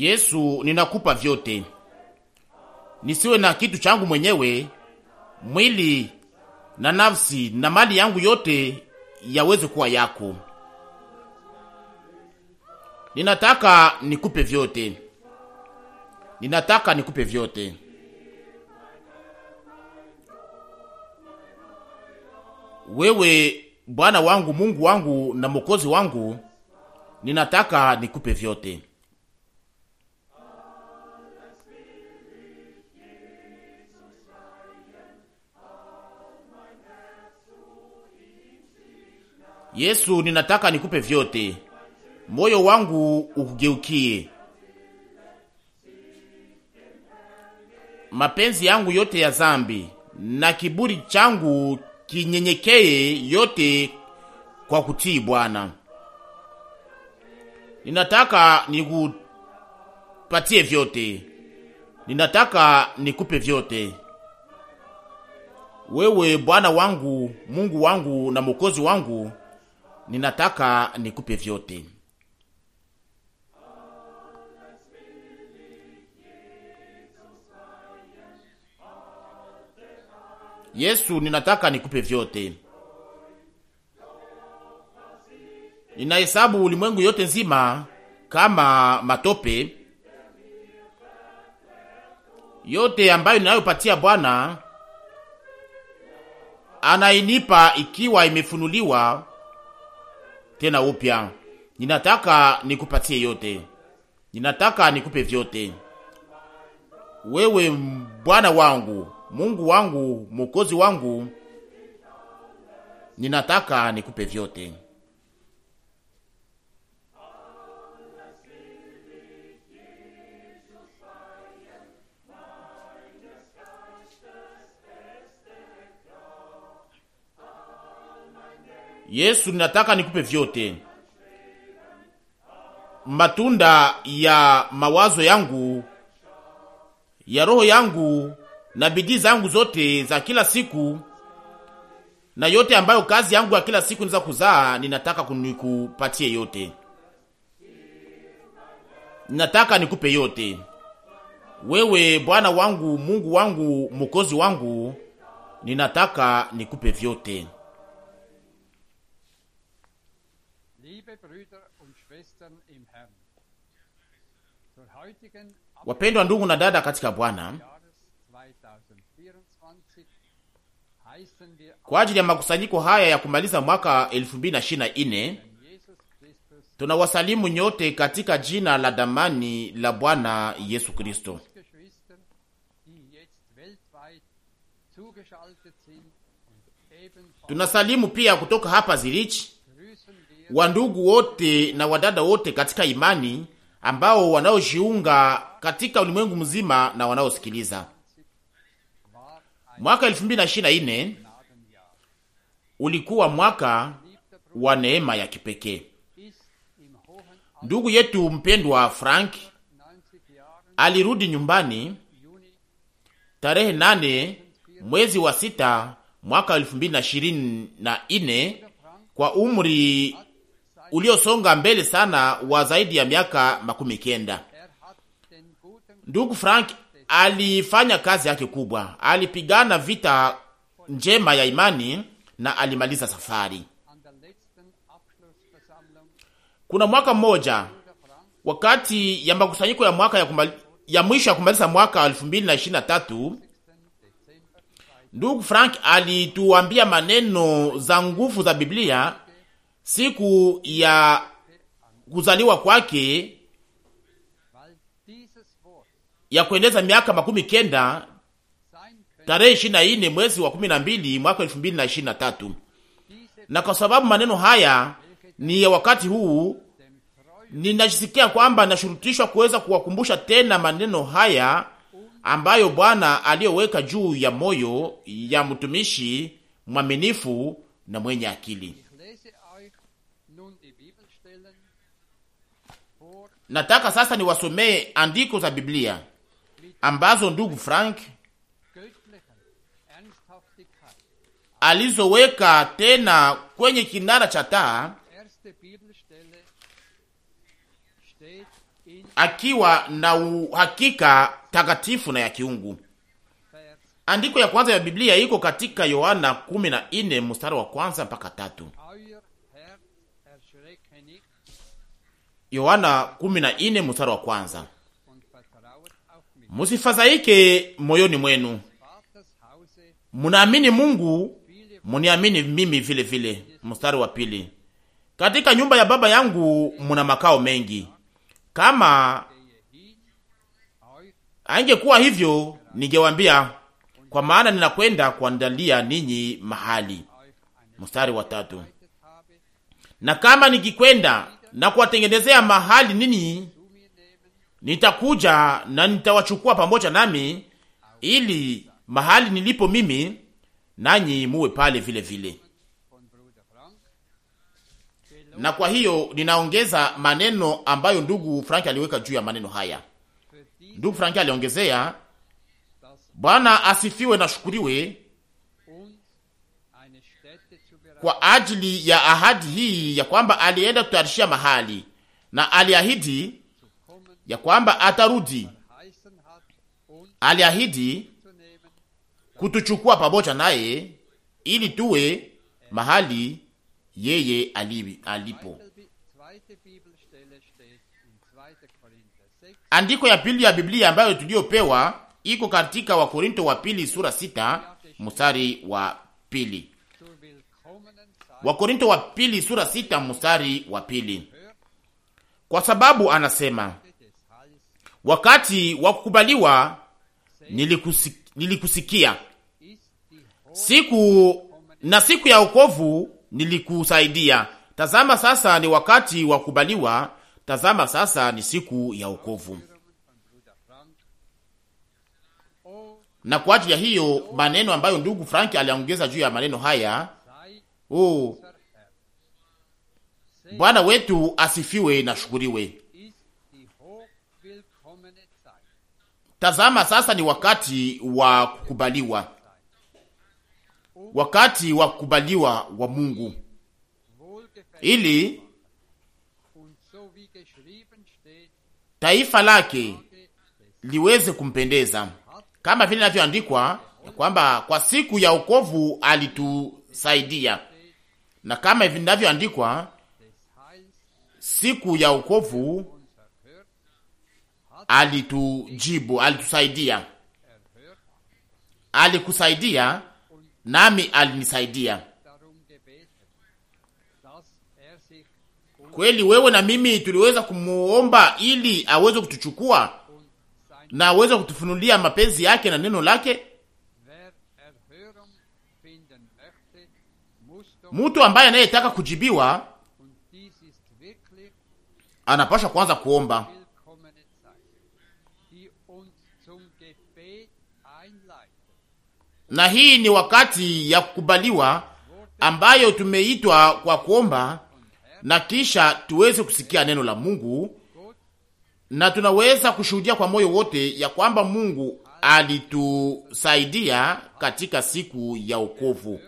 Yesu, ninakupa vyote, nisiwe na kitu changu mwenyewe, mwili na nafsi na mali yangu yote yaweze kuwa yako. Ninataka nikupe vyote, ninataka nikupe vyote. Wewe Bwana wangu, Mungu wangu na Mwokozi wangu, ninataka nikupe vyote. Yesu, ninataka nikupe vyote, moyo wangu ukugeukie, mapenzi yangu yote ya zambi na kiburi changu kinyenyekee yote kwa kutii Bwana. Ninataka nikupatie vyote, ninataka nikupe vyote wewe, Bwana wangu, Mungu wangu na Mwokozi wangu ninataka nikupe vyote. Yesu, ninataka nikupe vyote. Ninahesabu ulimwengu yote nzima kama matope. Yote ambayo ninayopatia Bwana anainipa ikiwa imefunuliwa tena upya. Ninataka nikupatie yote, ninataka nikupe vyote. Wewe Bwana wangu, Mungu wangu, Mwokozi wangu, ninataka nikupe vyote. Yesu, ninataka nikupe vyote. Matunda ya mawazo yangu, ya roho yangu na bidii zangu zote za kila siku na yote ambayo kazi yangu ya kila siku niza kuzaa, ninataka kunikupatie yote, ninataka nikupe yote. Wewe Bwana wangu, Mungu wangu, Mwokozi wangu, ninataka nikupe vyote. Wapendwa ndugu na dada katika Bwana, kwa ajili ya makusanyiko haya ya kumaliza mwaka 2024 tunawasalimu nyote katika jina la damani la Bwana Yesu Kristo. Tunasalimu pia kutoka hapa zirichi wandugu wote na wadada wote katika imani ambao wanaojiunga katika ulimwengu mzima na wanaosikiliza. Mwaka 2024 ulikuwa mwaka wa neema ya kipekee. Ndugu yetu mpendwa Frank alirudi nyumbani tarehe nane mwezi wa sita mwaka elfu mbili na ishirini na nne kwa umri uliosonga mbele sana wa zaidi ya miaka makumi kenda. Ndugu Frank alifanya kazi yake kubwa, alipigana vita njema ya imani na alimaliza safari. Kuna mwaka mmoja wakati ya makusanyiko ya mwaka ya, kumali, ya mwisho ya kumaliza mwaka 2023 ndugu Frank alituambia maneno za nguvu za Biblia siku ya kuzaliwa kwake ya kuendeza miaka makumi kenda tarehe ishirini na nne mwezi wa kumi na mbili mwaka elfu mbili na ishirini na tatu. Na kwa sababu maneno haya ni ya wakati huu, ninajisikia kwamba nashurutishwa kuweza kuwakumbusha tena maneno haya ambayo Bwana aliyoweka juu ya moyo ya mtumishi mwaminifu na mwenye akili. Nataka sasa niwasomee andiko za Biblia ambazo ndugu Frank alizoweka tena kwenye kinara cha taa akiwa na uhakika takatifu na ya kiungu. Andiko ya kwanza ya Biblia iko katika Yohana 14 mstari wa kwanza mpaka tatu. Yohana 14 mstari wa kwanza. Musifadhaike moyoni mwenu, munaamini Mungu, muniamini mimi vile vile. Mstari wa pili, katika nyumba ya Baba yangu muna makao mengi, kama haingekuwa hivyo ningewambia, kwa maana ninakwenda kuandalia ninyi mahali. Mstari wa tatu, na kama nikikwenda na kuwatengenezea mahali nini, nitakuja na nitawachukua pamoja nami, ili mahali nilipo mimi nanyi muwe pale vile vile. Na kwa hiyo ninaongeza maneno ambayo ndugu Frank aliweka juu ya maneno haya. Ndugu Frank aliongezea, Bwana asifiwe na shukuriwe kwa ajili ya ahadi hii ya kwamba alienda kutayarishia mahali na aliahidi ya kwamba atarudi. Aliahidi kutuchukua pamoja naye ili tuwe mahali yeye alipo. Andiko ya pili ya Biblia ambayo tuliyopewa iko katika Wakorinto wa pili sura sita mstari wa pili. Wakorinto wa pili sura sita mstari wa pili, kwa sababu anasema wakati wa kukubaliwa nilikusi, nilikusikia siku na siku ya wokovu nilikusaidia. Tazama sasa ni wakati wa kukubaliwa, tazama sasa ni siku ya wokovu. Na kwa ajili ya hiyo maneno ambayo ndugu franki aliongeza juu ya maneno haya Oh, Bwana wetu asifiwe na shukuriwe. Tazama sasa, ni wakati wa kukubaliwa, wakati wa kukubaliwa wa Mungu ili taifa lake liweze kumpendeza, kama vile inavyoandikwa ya kwamba kwa siku ya wokovu alitusaidia na kama vinavyoandikwa, siku ya ukovu alitujibu, alitusaidia, alikusaidia nami alinisaidia. Kweli wewe na mimi tuliweza kumuomba ili aweze kutuchukua na aweze kutufunulia mapenzi yake na neno lake Mtu ambaye anayetaka kujibiwa anapasha kwanza kuomba. Na hii ni wakati ya kukubaliwa ambayo tumeitwa kwa kuomba, na kisha tuweze kusikia neno la Mungu, na tunaweza kushuhudia kwa moyo wote ya kwamba Mungu alitusaidia katika siku ya wokovu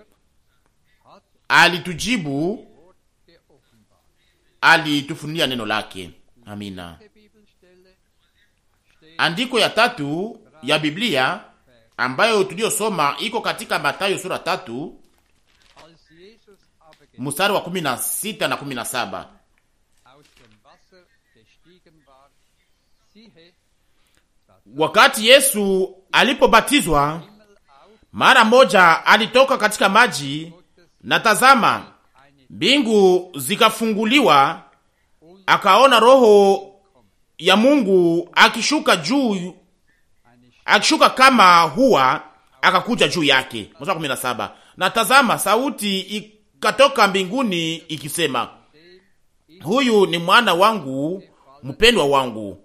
alitujibu, alitufunia neno lake. Amina. Andiko ya tatu ya Biblia ambayo tuliyosoma iko katika Mathayo sura tatu mstari wa kumi na sita na kumi na saba. Wakati Yesu alipobatizwa mara moja alitoka katika maji, na tazama, mbingu zikafunguliwa, akaona Roho ya Mungu akishuka juu, akishuka kama huwa, akakuja juu yake. Mstari kumi na saba, na tazama, sauti ikatoka mbinguni ikisema, huyu ni mwana wangu mpendwa wangu,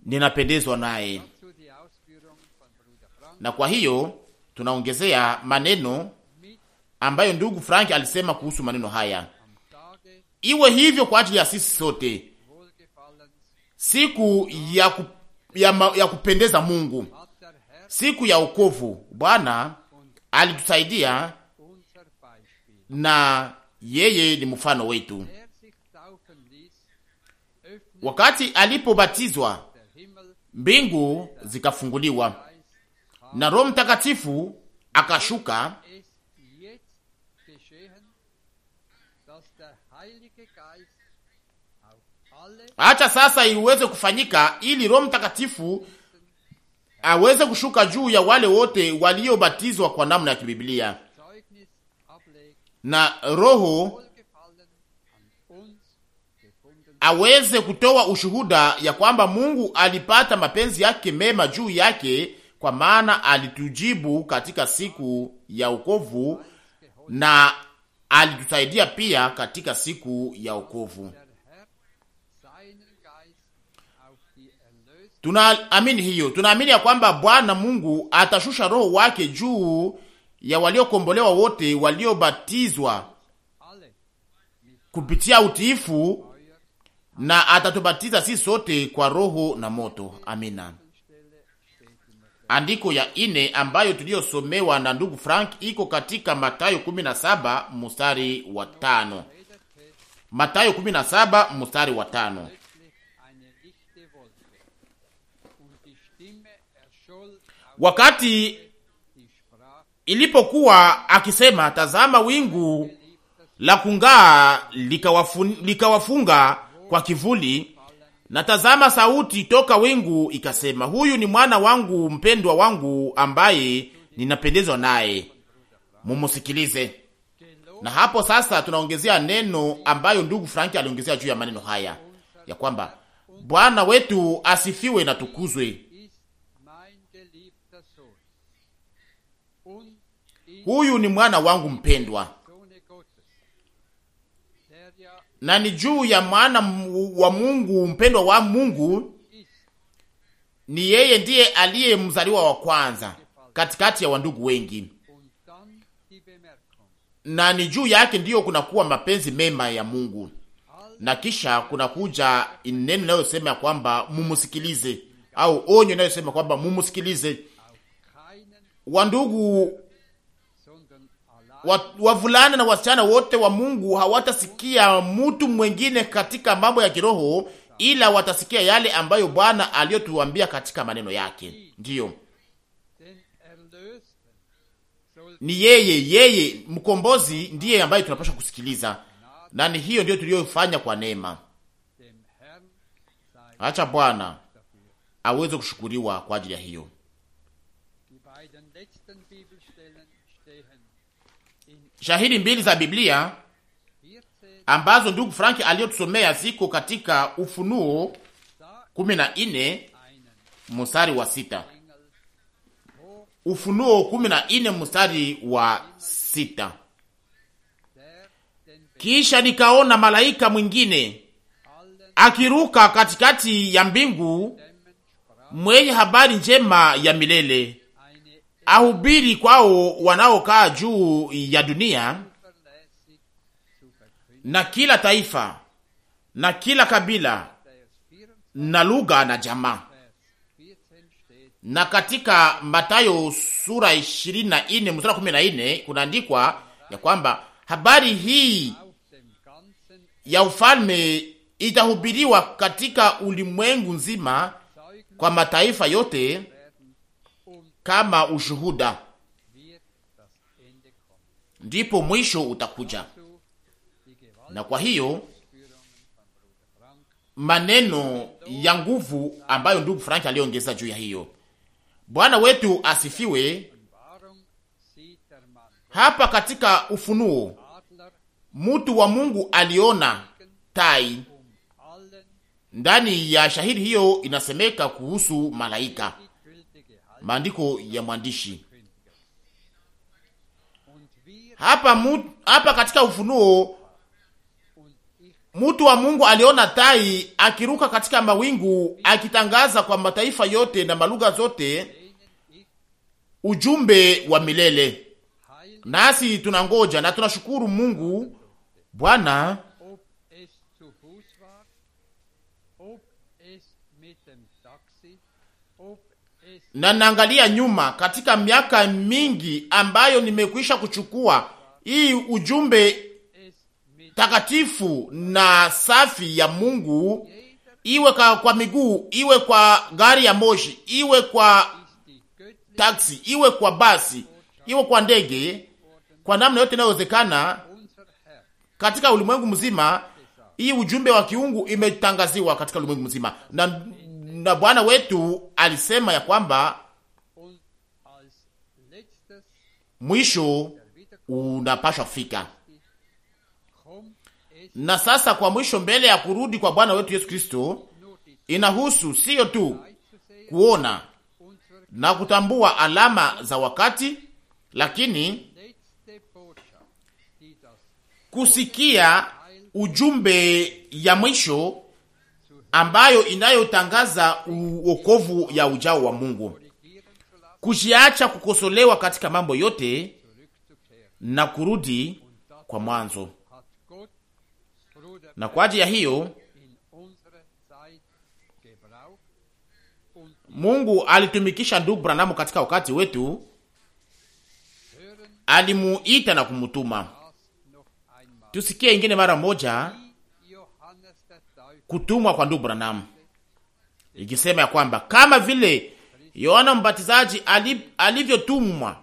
ninapendezwa naye. Na kwa hiyo tunaongezea maneno ambayo ndugu Frank alisema kuhusu maneno haya. Iwe hivyo kwa ajili ya sisi sote, siku ya, ku, ya, ma, ya kupendeza Mungu, siku ya ukovu Bwana alitusaidia na yeye ni mfano wetu. Wakati alipobatizwa, mbingu zikafunguliwa na Roho Mtakatifu akashuka Acha sasa iweze kufanyika ili Roho Mtakatifu aweze kushuka juu ya wale wote waliobatizwa kwa namna ya kibiblia na Roho aweze kutoa ushuhuda ya kwamba Mungu alipata mapenzi yake mema juu yake, kwa maana alitujibu katika siku ya wokovu na alitusaidia pia katika siku ya wokovu. Tunaamini hiyo, tunaamini ya kwamba Bwana Mungu atashusha roho wake juu ya waliokombolewa wote waliobatizwa kupitia utiifu, na atatubatiza sisi sote kwa roho na moto. Amina. Andiko ya ine ambayo tuliyosomewa na ndugu Frank iko katika Matayo 17 mstari wa tano. Matayo 17 mstari wa tano. wakati ilipokuwa akisema, tazama wingu la kung'aa likawafunga kwa kivuli, na tazama sauti toka wingu ikasema, huyu ni mwana wangu mpendwa wangu ambaye ninapendezwa naye, mumusikilize. Na hapo sasa tunaongezea neno ambayo ndugu Franki aliongezea juu ya maneno haya ya kwamba Bwana wetu asifiwe na tukuzwe huyu ni mwana wangu mpendwa, na ni juu ya mwana wa Mungu mpendwa wa Mungu. Ni yeye ndiye aliye mzaliwa wa kwanza katikati ya wandugu wengi, na ni juu yake ndiyo kunakuwa mapenzi mema ya Mungu. Na kisha kunakuja neno inayosema kwamba mumusikilize, au onyo inayosema kwamba mumusikilize. Wandugu wavulana na wasichana wote wa Mungu hawatasikia mtu mwengine katika mambo ya kiroho, ila watasikia yale ambayo Bwana aliyotuambia katika maneno yake. Ndiyo, ni yeye, yeye mkombozi ndiye ambaye tunapaswa kusikiliza, na ni hiyo ndiyo tuliyofanya kwa neema. Acha Bwana aweze kushukuriwa kwa ajili ya hiyo. shahidi mbili za Biblia ambazo ndugu Franki aliyotusomea ziko katika Ufunuo kumi na nne mstari wa sita. Ufunuo kumi na nne mstari wa sita. Kisha nikaona malaika mwingine akiruka katikati ya mbingu mwenye habari njema ya milele ahubiri kwao wanaokaa juu ya dunia na kila taifa na kila kabila na lugha na jamaa. Na katika Mathayo sura 24 mstari 14 kunaandikwa ya kwamba habari hii ya ufalme itahubiriwa katika ulimwengu nzima kwa mataifa yote kama ushuhuda, ndipo mwisho utakuja. Na kwa hiyo maneno ya nguvu ambayo ndugu Frank aliongeza juu ya hiyo, Bwana wetu asifiwe. Hapa katika Ufunuo, mtu wa Mungu aliona tai. Ndani ya shahidi hiyo inasemeka kuhusu malaika maandiko ya mwandishi hapa mu, hapa katika Ufunuo, mtu wa Mungu aliona tai akiruka katika mawingu akitangaza kwa mataifa yote na malugha zote ujumbe wa milele. Nasi tunangoja na tunashukuru Mungu Bwana na naangalia nyuma katika miaka mingi ambayo nimekwisha kuchukua hii ujumbe takatifu na safi ya Mungu, iwe kwa, kwa miguu, iwe kwa gari ya moshi, iwe kwa taksi, iwe kwa basi, iwe kwa ndege, kwa namna yote inayowezekana katika ulimwengu mzima, hii ujumbe wa kiungu imetangaziwa katika ulimwengu mzima na na Bwana wetu alisema ya kwamba mwisho unapasha kufika. Na sasa kwa mwisho mbele ya kurudi kwa Bwana wetu Yesu Kristo, inahusu siyo tu kuona na kutambua alama za wakati, lakini kusikia ujumbe ya mwisho ambayo inayotangaza uokovu ya ujao wa Mungu, kujiacha kukosolewa katika mambo yote na kurudi kwa mwanzo. Na kwa ajili ya hiyo Mungu alitumikisha ndugu Branamu katika wakati wetu, alimuita na kumutuma. Tusikie ingine mara moja kutumwa kwa ndugu Branham, ikisema ya kwamba kama vile Yohana Mbatizaji alivyotumwa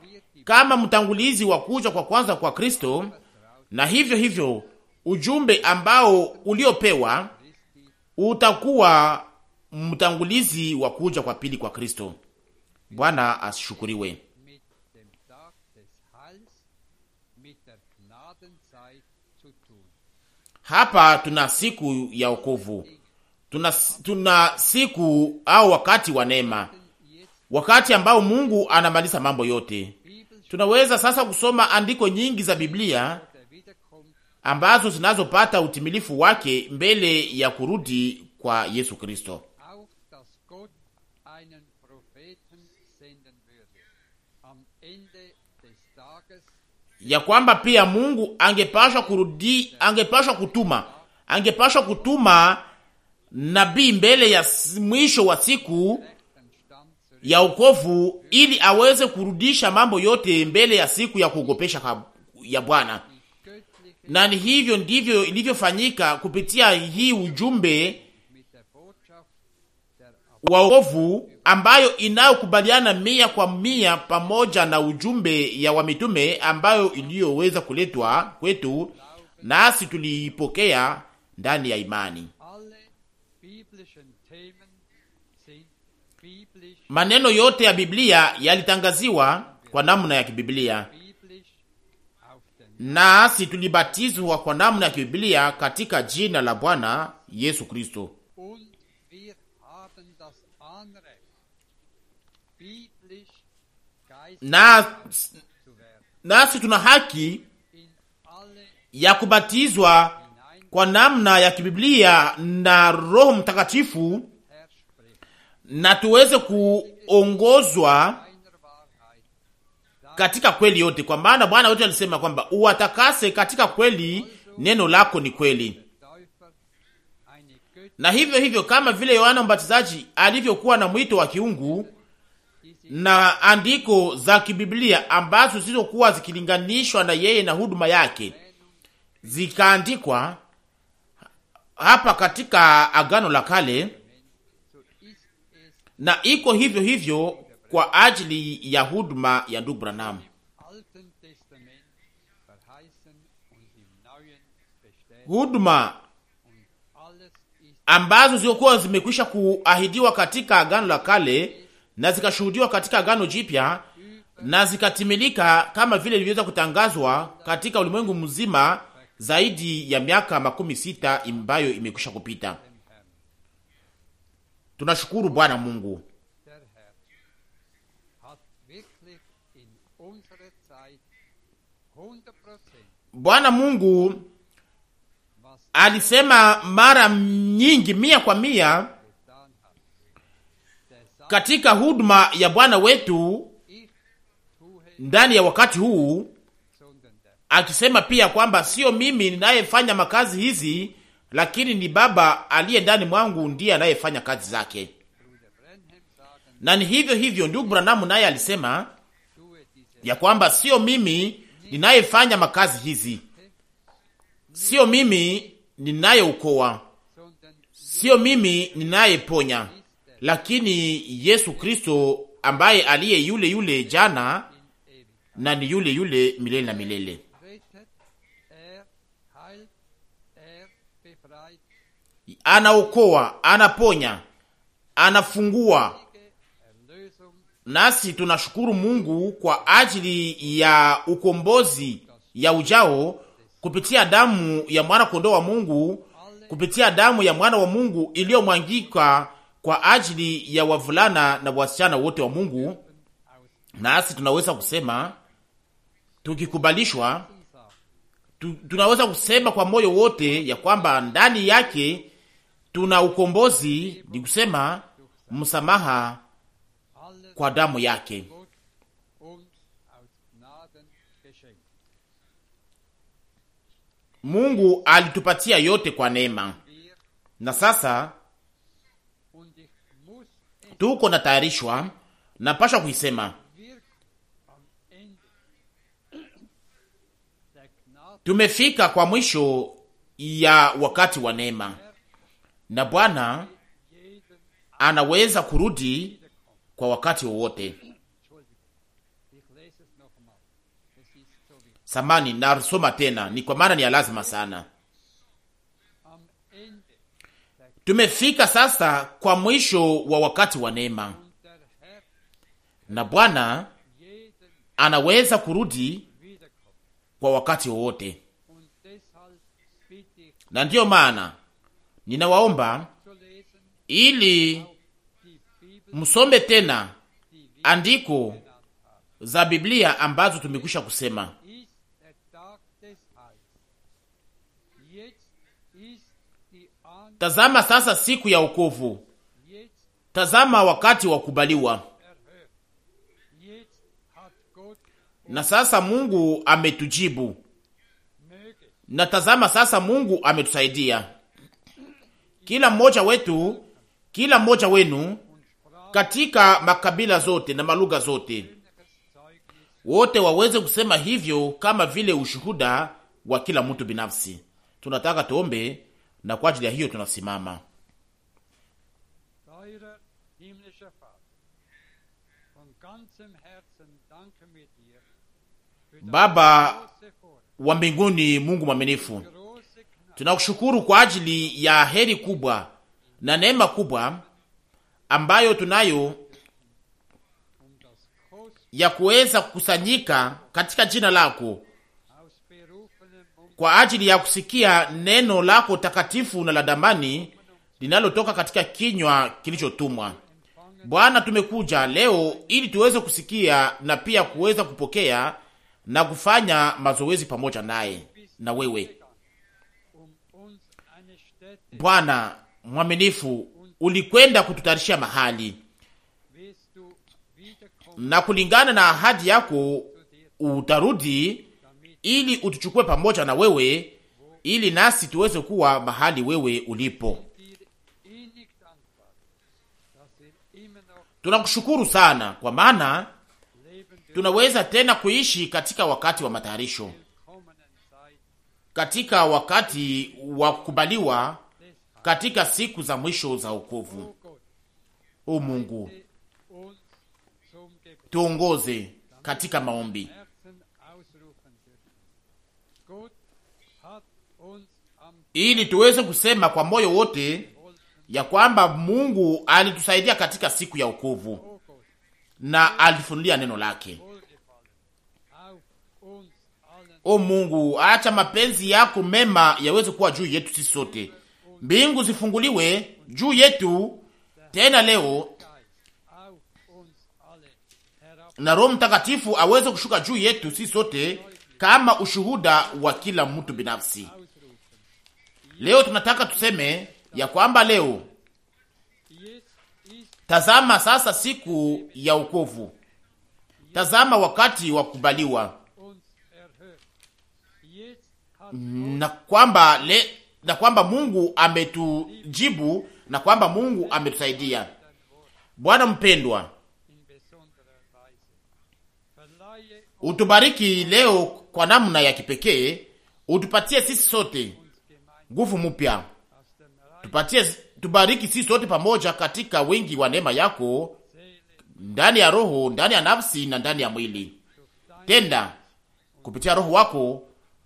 kama mtangulizi wa kuja kwa kwanza kwa Kristo, na hivyo hivyo ujumbe ambao uliopewa utakuwa mtangulizi wa kuja kwa pili kwa Kristo. Bwana ashukuriwe. Hapa tuna siku ya wokovu, tuna, tuna siku au wakati wa neema, wakati ambao Mungu anamaliza mambo yote. Tunaweza sasa kusoma andiko nyingi za Biblia ambazo zinazopata utimilifu wake mbele ya kurudi kwa Yesu Kristo. ya kwamba pia Mungu angepashwa kurudi, angepashwa kutuma, angepashwa kutuma nabii mbele ya mwisho wa siku ya ukovu ili aweze kurudisha mambo yote mbele ya siku ya kuogopesha ya Bwana. Na ni hivyo ndivyo ilivyofanyika kupitia hii ujumbe wa ukovu ambayo inayokubaliana mia kwa mia pamoja na ujumbe ya wa mitume ambayo iliyoweza kuletwa kwetu, nasi tuliipokea ndani ya imani. Maneno yote ya Biblia yalitangaziwa kwa namna ya kibiblia, nasi tulibatizwa kwa namna ya kibiblia katika jina la Bwana Yesu Kristo. na nasi tuna haki ya kubatizwa kwa namna ya kibiblia na Roho Mtakatifu na tuweze kuongozwa katika kweli yote, kwa maana Bwana wetu alisema kwamba uwatakase katika kweli, neno lako ni kweli. Na hivyo hivyo, kama vile Yohana Mbatizaji alivyokuwa na mwito wa kiungu na andiko za kibiblia ambazo zilizokuwa zikilinganishwa na yeye na huduma yake zikaandikwa hapa katika Agano la Kale, na iko hivyo hivyo kwa ajili ya huduma ya ndugu Branham. Huduma ambazo zilizokuwa zimekwisha kuahidiwa katika Agano la Kale na zikashuhudiwa katika Agano Jipya na zikatimilika kama vile ilivyoweza kutangazwa katika ulimwengu mzima zaidi ya miaka makumi sita ambayo imekwisha kupita. Tunashukuru Bwana Mungu. Bwana Mungu alisema mara nyingi, mia kwa mia katika huduma ya Bwana wetu ndani ya wakati huu, akisema pia kwamba sio mimi ninayefanya makazi hizi, lakini ni Baba aliye ndani mwangu ndiye anayefanya kazi zake. Na ni hivyo hivyo, ndugu Branamu naye alisema ya kwamba sio mimi ninayefanya makazi hizi, sio mimi ninayeukoa, sio mimi ninayeponya lakini Yesu Kristo ambaye aliye yule yule jana na ni yule yule milele na milele. Anaokoa, anaponya, anafungua. Nasi tunashukuru Mungu kwa ajili ya ukombozi ya ujao kupitia damu ya mwana kondoo wa Mungu, kupitia damu ya mwana wa Mungu iliyomwangika kwa ajili ya wavulana na wasichana wote wa Mungu, nasi tunaweza kusema tukikubalishwa, tu, tunaweza kusema kwa moyo wote ya kwamba ndani yake tuna ukombozi, ni kusema msamaha kwa damu yake. Mungu alitupatia yote kwa neema, na sasa tuko natayarishwa, napashwa kuisema tumefika kwa mwisho ya wakati wa neema, na Bwana anaweza kurudi kwa wakati wowote. Samani, narusoma tena, ni kwa maana ni ya lazima sana Tumefika sasa kwa mwisho wa wakati wa neema, na Bwana anaweza kurudi kwa wakati wowote, na ndiyo maana ninawaomba ili msome tena andiko za Biblia ambazo tumekwisha kusema Tazama sasa siku ya wokovu, tazama wakati wa kubaliwa. Na sasa Mungu ametujibu, na tazama sasa Mungu ametusaidia. Kila mmoja wetu, kila mmoja wenu katika makabila zote na malugha zote, wote waweze kusema hivyo, kama vile ushuhuda wa kila mtu binafsi. Tunataka tuombe na kwa ajili ya hiyo tunasimama. Baba wa mbinguni, Mungu mwaminifu, tunakushukuru kwa ajili ya heri kubwa na neema kubwa ambayo tunayo um ya kuweza kukusanyika katika jina lako kwa ajili ya kusikia neno lako takatifu na la damani linalotoka katika kinywa kilichotumwa. Bwana, tumekuja leo ili tuweze kusikia na pia kuweza kupokea na kufanya mazoezi pamoja naye na wewe. Bwana mwaminifu, ulikwenda kututarishia mahali na kulingana na ahadi yako utarudi ili utuchukue pamoja na wewe, ili nasi tuweze kuwa mahali wewe ulipo. Tunakushukuru sana kwa maana tunaweza tena kuishi katika wakati wa matayarisho, katika wakati wa kukubaliwa, katika siku za mwisho za wokovu. O Mungu, tuongoze katika maombi. ili tuweze kusema kwa moyo wote ya kwamba Mungu alitusaidia katika siku ya wokovu na alifunulia neno lake. O Mungu, acha mapenzi yako mema yaweze kuwa juu yetu sisi sote. Mbingu zifunguliwe juu yetu tena leo, na Roho Mtakatifu aweze kushuka juu yetu sisi sote kama ushuhuda wa kila mtu binafsi. Leo tunataka tuseme ya kwamba leo, tazama sasa siku ya ukovu, tazama wakati wa kubaliwa na kwamba le, na kwamba Mungu ametujibu na kwamba Mungu ametusaidia. Bwana mpendwa, utubariki leo kwa namna ya kipekee, utupatie sisi sote nguvu mpya, tupatie, tubariki sisi sote pamoja katika wingi wa neema yako, ndani ya roho, ndani ya nafsi na ndani ya mwili. Tenda kupitia roho wako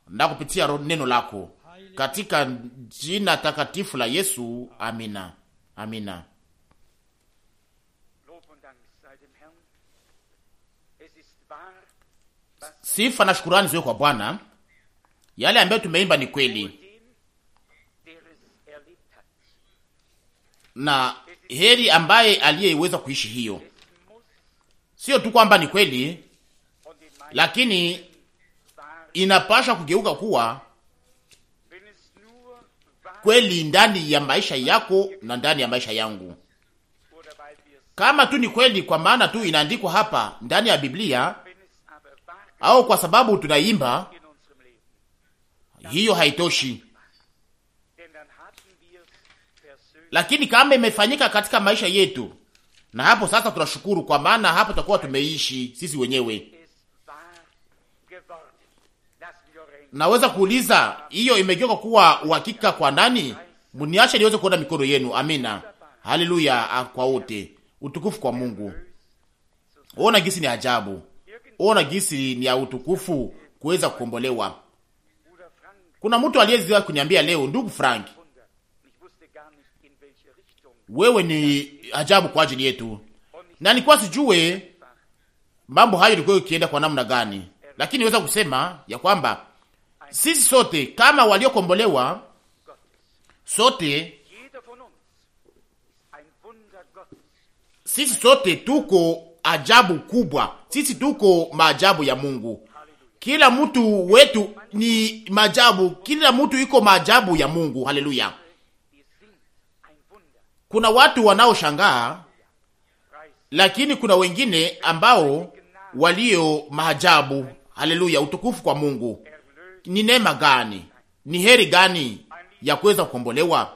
na kupitia neno lako, katika jina takatifu la Yesu. Amina, amina. Sifa na shukurani ziwe kwa Bwana. Yale ambayo tumeimba ni kweli na heri ambaye aliyeweza kuishi hiyo. Sio tu kwamba ni kweli, lakini inapasha kugeuka kuwa kweli ndani ya maisha yako na ndani ya maisha yangu. Kama tu ni kweli, kwa maana tu inaandikwa hapa ndani ya Biblia au kwa sababu tunaimba, hiyo haitoshi. lakini kama imefanyika katika maisha yetu, na hapo sasa tunashukuru, kwa maana hapo tutakuwa tumeishi sisi wenyewe. Naweza kuuliza hiyo imegeuka kuwa uhakika kwa nani? Mniache niweze kuona mikono yenu. Amina, haleluya ah, kwa wote, utukufu kwa Mungu. Ona gisi ni ajabu, ona gisi ni ya utukufu kuweza kukombolewa. Kuna mtu aliyeziwa kuniambia leo, ndugu Frank, wewe ni ajabu kwa ajili yetu, na nilikuwa sijue mambo hayo ilikuwa ikienda kwa namna gani, lakini niweza kusema ya kwamba sisi sote kama waliokombolewa sote sisi sote tuko ajabu kubwa, sisi tuko maajabu ya Mungu. Kila mtu wetu ni maajabu, kila mtu iko maajabu ya Mungu. Haleluya! Kuna watu wanaoshangaa, lakini kuna wengine ambao walio maajabu. Haleluya, utukufu kwa Mungu. Ni neema gani, ni heri gani ya kuweza kukombolewa.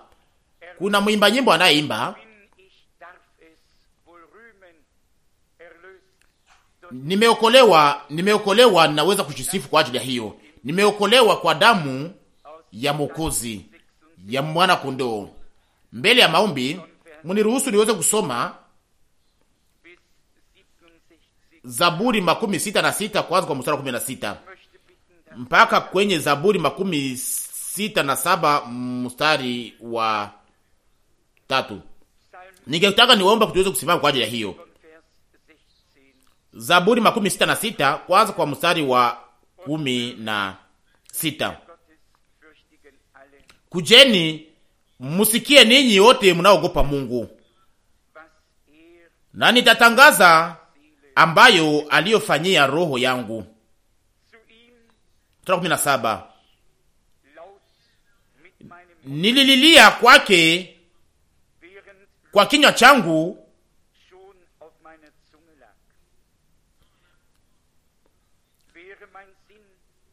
Kuna mwimba nyimbo anayeimba nimeokolewa, nimeokolewa, ninaweza kujisifu kwa ajili ya hiyo. Nimeokolewa kwa damu ya Mwokozi, ya mwana kondoo. Mbele ya maombi, mniruhusu niweze kusoma Zaburi makumi sita na sita kwanza kwa mstari wa kumi na sita mpaka kwenye Zaburi makumi sita na saba mstari wa tatu. Ningetaka niomba kutuweze kusimama kwa ajili ya hiyo Zaburi makumi sita na sita kwanza kwa mstari wa kumi na sita. Kujeni musikie ninyi wote mnaogopa Mungu, na nitatangaza ambayo aliyofanyia roho yangu. Kumi kwake kwa kinywa changu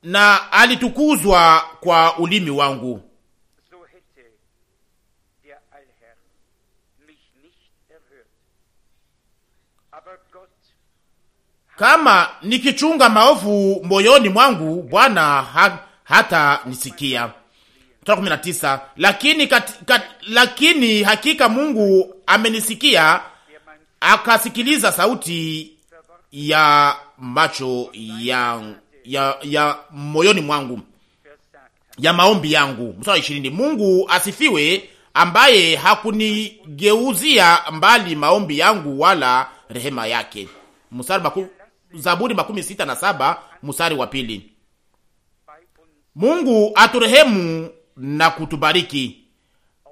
na alitukuzwa kwa ulimi wangu. Kama nikichunga maovu moyoni mwangu, Bwana ha, hata nisikia. Kumi na tisa. Lakini, kat, kat, lakini hakika Mungu amenisikia akasikiliza sauti ya macho ya, ya, ya moyoni mwangu ya maombi yangu. Mstari ishirini. Mungu asifiwe ambaye hakunigeuzia mbali maombi yangu wala rehema yake. Mstari maku, Zaburi makumi sita na saba mstari wa pili. Mungu aturehemu na kutubariki,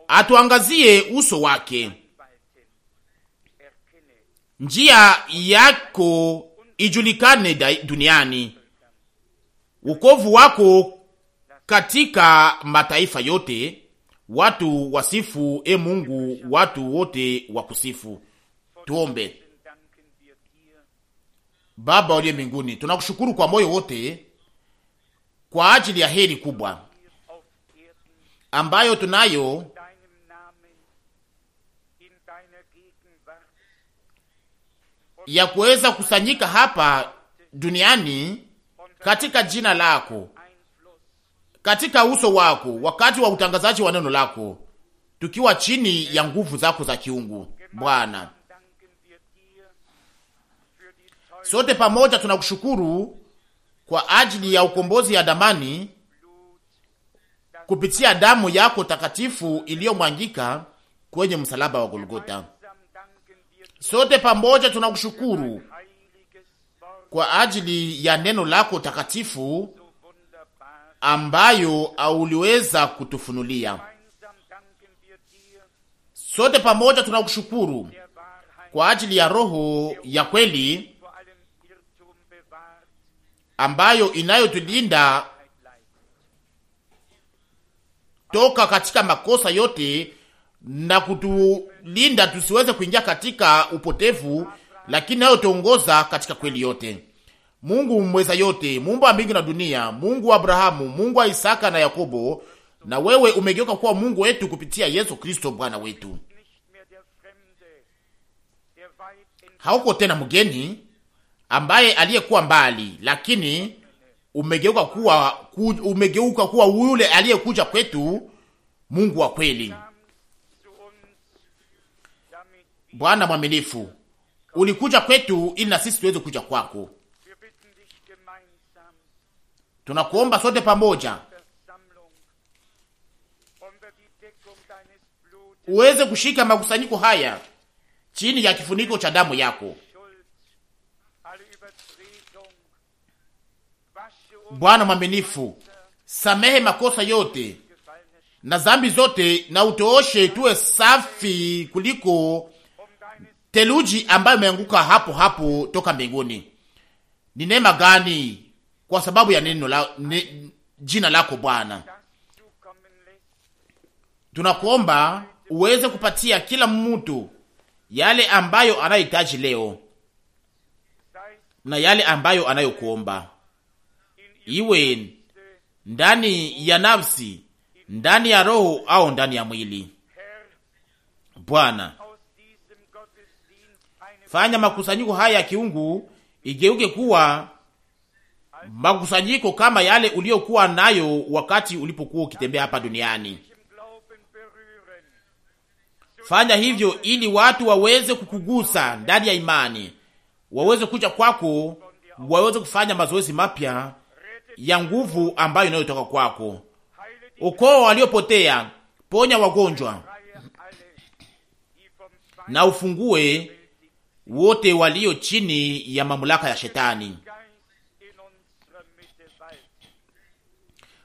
atuangazie uso wake. Njia yako ijulikane duniani, ukovu wako katika mataifa yote Watu wasifu, e Mungu, watu wote wakusifu. Tuombe. Baba uliye mbinguni, tunakushukuru kwa moyo wote kwa ajili ya heri kubwa ambayo tunayo ya kuweza kusanyika hapa duniani katika jina lako katika uso wako wakati wa utangazaji wa neno lako, tukiwa chini ya nguvu zako za kiungu. Bwana, sote pamoja tunakushukuru kwa ajili ya ukombozi ya damani kupitia damu yako takatifu iliyomwangika kwenye msalaba wa Golgota. Sote pamoja tunakushukuru kwa ajili ya neno lako takatifu ambayo auliweza kutufunulia. Sote pamoja tunakushukuru kwa ajili ya roho ya kweli ambayo inayotulinda toka katika makosa yote na kutulinda tusiweze kuingia katika upotevu, lakini nayotuongoza katika kweli yote. Mungu mweza yote, Mungu wa mbingu na dunia, Mungu wa Abrahamu, Mungu wa Isaka na Yakobo, na wewe umegeuka kuwa Mungu wetu kupitia Yesu Kristo Bwana wetu. Hauko tena mgeni ambaye aliyekuwa mbali, lakini umegeuka kuwa ku, umegeuka kuwa yule aliyekuja kwetu, Mungu wa kweli. Bwana mwaminifu, ulikuja kwetu ili na sisi tuweze kuja kwako. Tunakuomba sote pamoja uweze kushika makusanyiko haya chini ya kifuniko cha damu yako Bwana mwaminifu, samehe makosa yote na zambi zote, na utooshe tuwe safi kuliko teluji ambayo imeanguka hapo hapo toka mbinguni. Ni neema gani kwa sababu ya neno la, ne, jina lako Bwana. Tunakuomba uweze kupatia kila mtu yale ambayo anayohitaji leo na yale ambayo anayokuomba, iwe ndani ya nafsi, ndani ya roho au ndani ya mwili. Bwana, fanya makusanyiko haya ya kiungu igeuke kuwa makusanyiko kama yale uliyokuwa nayo wakati ulipokuwa ukitembea hapa duniani. Fanya hivyo ili watu waweze kukugusa ndani ya imani, waweze kuja kwako, waweze kufanya mazoezi mapya ya nguvu ambayo inayotoka kwako. Okoa waliopotea, ponya wagonjwa, na ufungue wote walio chini ya mamlaka ya Shetani.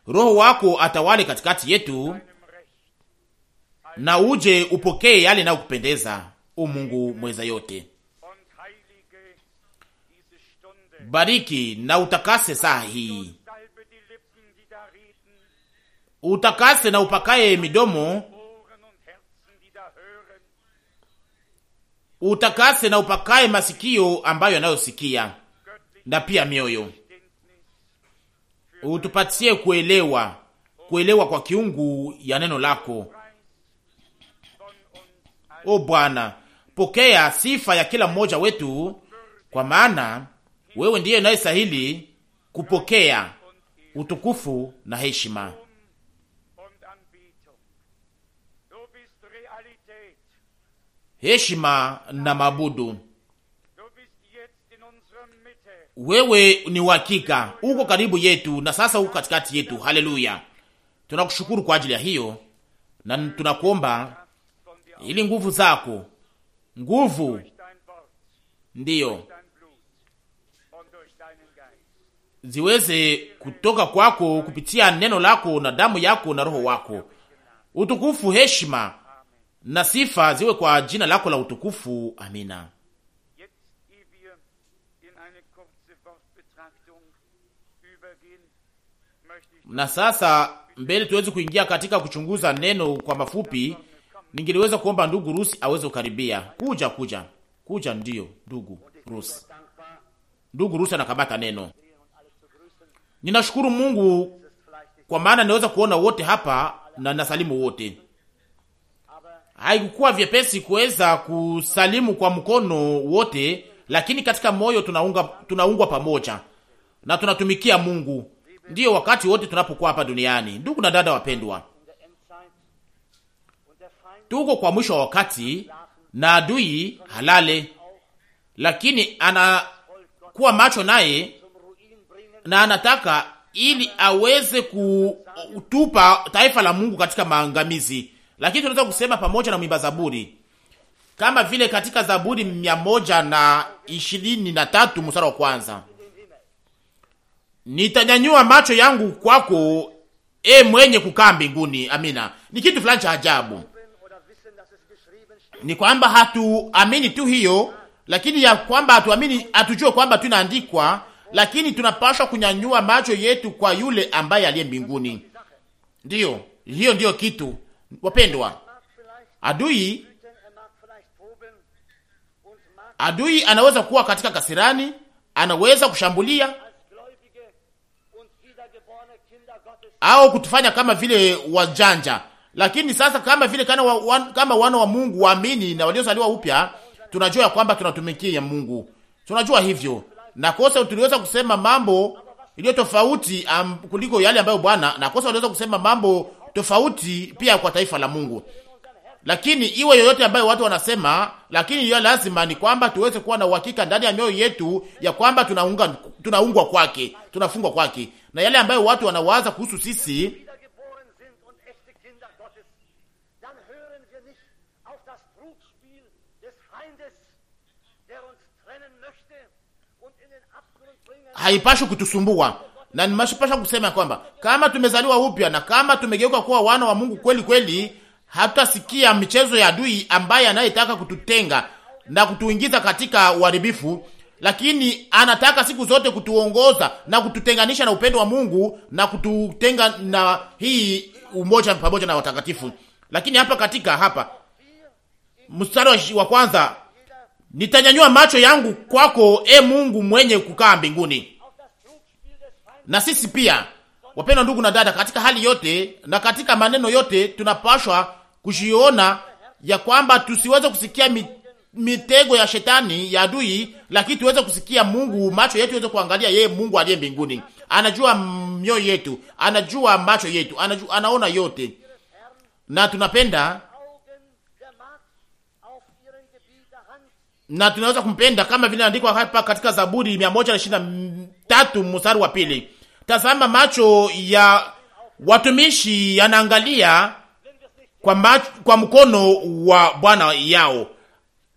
Roho wako atawale katikati yetu, na uje upokee yale inayokupendeza, o Mungu mweza yote. Bariki na utakase saa hii, utakase na upakaye midomo, utakase na upakaye masikio ambayo yanayosikia na pia mioyo utupatie kuelewa, kuelewa kwa kiungu ya neno lako. O Bwana, pokea sifa ya kila mmoja wetu, kwa maana wewe ndiye unayestahili kupokea utukufu na heshima. Heshima na mabudu wewe ni uhakika, uko karibu yetu na sasa uko katikati yetu. Haleluya, tunakushukuru kwa ajili ya hiyo, na tunakuomba ili nguvu zako, nguvu ndiyo ziweze kutoka kwako kupitia neno lako na damu yako na roho wako. Utukufu, heshima na sifa ziwe kwa jina lako la utukufu. Amina. na sasa mbele tuweze kuingia katika kuchunguza neno kwa mafupi, ningeliweza kuomba ndugu Rusi aweze kukaribia kuja kuja kuja. Ndiyo, ndugu Rusi, ndugu Rusi anakabata neno. Ninashukuru Mungu kwa maana naweza kuona wote hapa na nasalimu wote. Haikuwa vyepesi kuweza kusalimu kwa mkono wote, lakini katika moyo tunaunga tunaungwa pamoja na tunatumikia Mungu ndiyo wakati wote tunapokuwa hapa duniani. Ndugu na dada wapendwa, tuko kwa mwisho wa wakati na adui halale, lakini anakuwa macho naye na anataka ili aweze kutupa taifa la Mungu katika maangamizi. Lakini tunaweza kusema pamoja na mwimba Zaburi kama vile katika Zaburi mia moja na ishirini na tatu mstari wa kwanza nitanyanyua macho yangu kwako, e mwenye kukaa mbinguni. Amina. Ni kitu fulani cha ajabu, ni kwamba hatuamini tu hiyo, lakini ya kwamba hatuamini, hatujue kwamba tunaandikwa, lakini tunapaswa kunyanyua macho yetu kwa yule ambaye aliye mbinguni. Ndiyo, hiyo ndiyo kitu wapendwa. Adui adui anaweza kuwa katika kasirani, anaweza kushambulia au kutufanya kama vile wajanja. Lakini sasa kama vile kana wa, wa, kama wana wa Mungu waamini na waliozaliwa upya, tunajua kwamba tunatumikia Mungu, tunajua hivyo, na kosa tuliweza kusema mambo iliyo tofauti um, kuliko yale ambayo Bwana, na kosa waliweza kusema mambo tofauti pia kwa taifa la Mungu. Lakini iwe yoyote ambayo watu wanasema, lakini hiyo lazima ni kwamba tuweze kuwa na uhakika ndani ya mioyo yetu ya kwamba tunaunga, tunaungwa kwake, tunafungwa kwake, na yale ambayo watu wanawaza kuhusu sisi haipashi kutusumbua na nimashipasha kusema kwamba kama tumezaliwa upya na kama tumegeuka kuwa wana wa Mungu kweli kweli, hatutasikia michezo ya adui ambaye anayetaka kututenga na kutuingiza katika uharibifu, lakini anataka siku zote kutuongoza na kututenganisha na upendo wa Mungu na kututenga na hii umoja pamoja na watakatifu. Lakini hapa katika hapa mstari wa kwanza, nitanyanyua macho yangu kwako, e Mungu mwenye kukaa mbinguni. Na sisi pia wapendwa ndugu na dada, katika hali yote na katika maneno yote tunapashwa kushiona ya kwamba tusiweze kusikia mitego ya shetani ya adui, lakini tuweze kusikia Mungu, macho yetu iweze kuangalia yeye Mungu aliye mbinguni. Anajua mioyo yetu, anajua macho yetu, anajua, anaona yote, na tunapenda na tunaweza kumpenda kama vile andikwa hapa katika Zaburi 123 mstari wa pili, tazama macho ya watumishi yanaangalia kwa, macho, kwa mkono wa bwana yao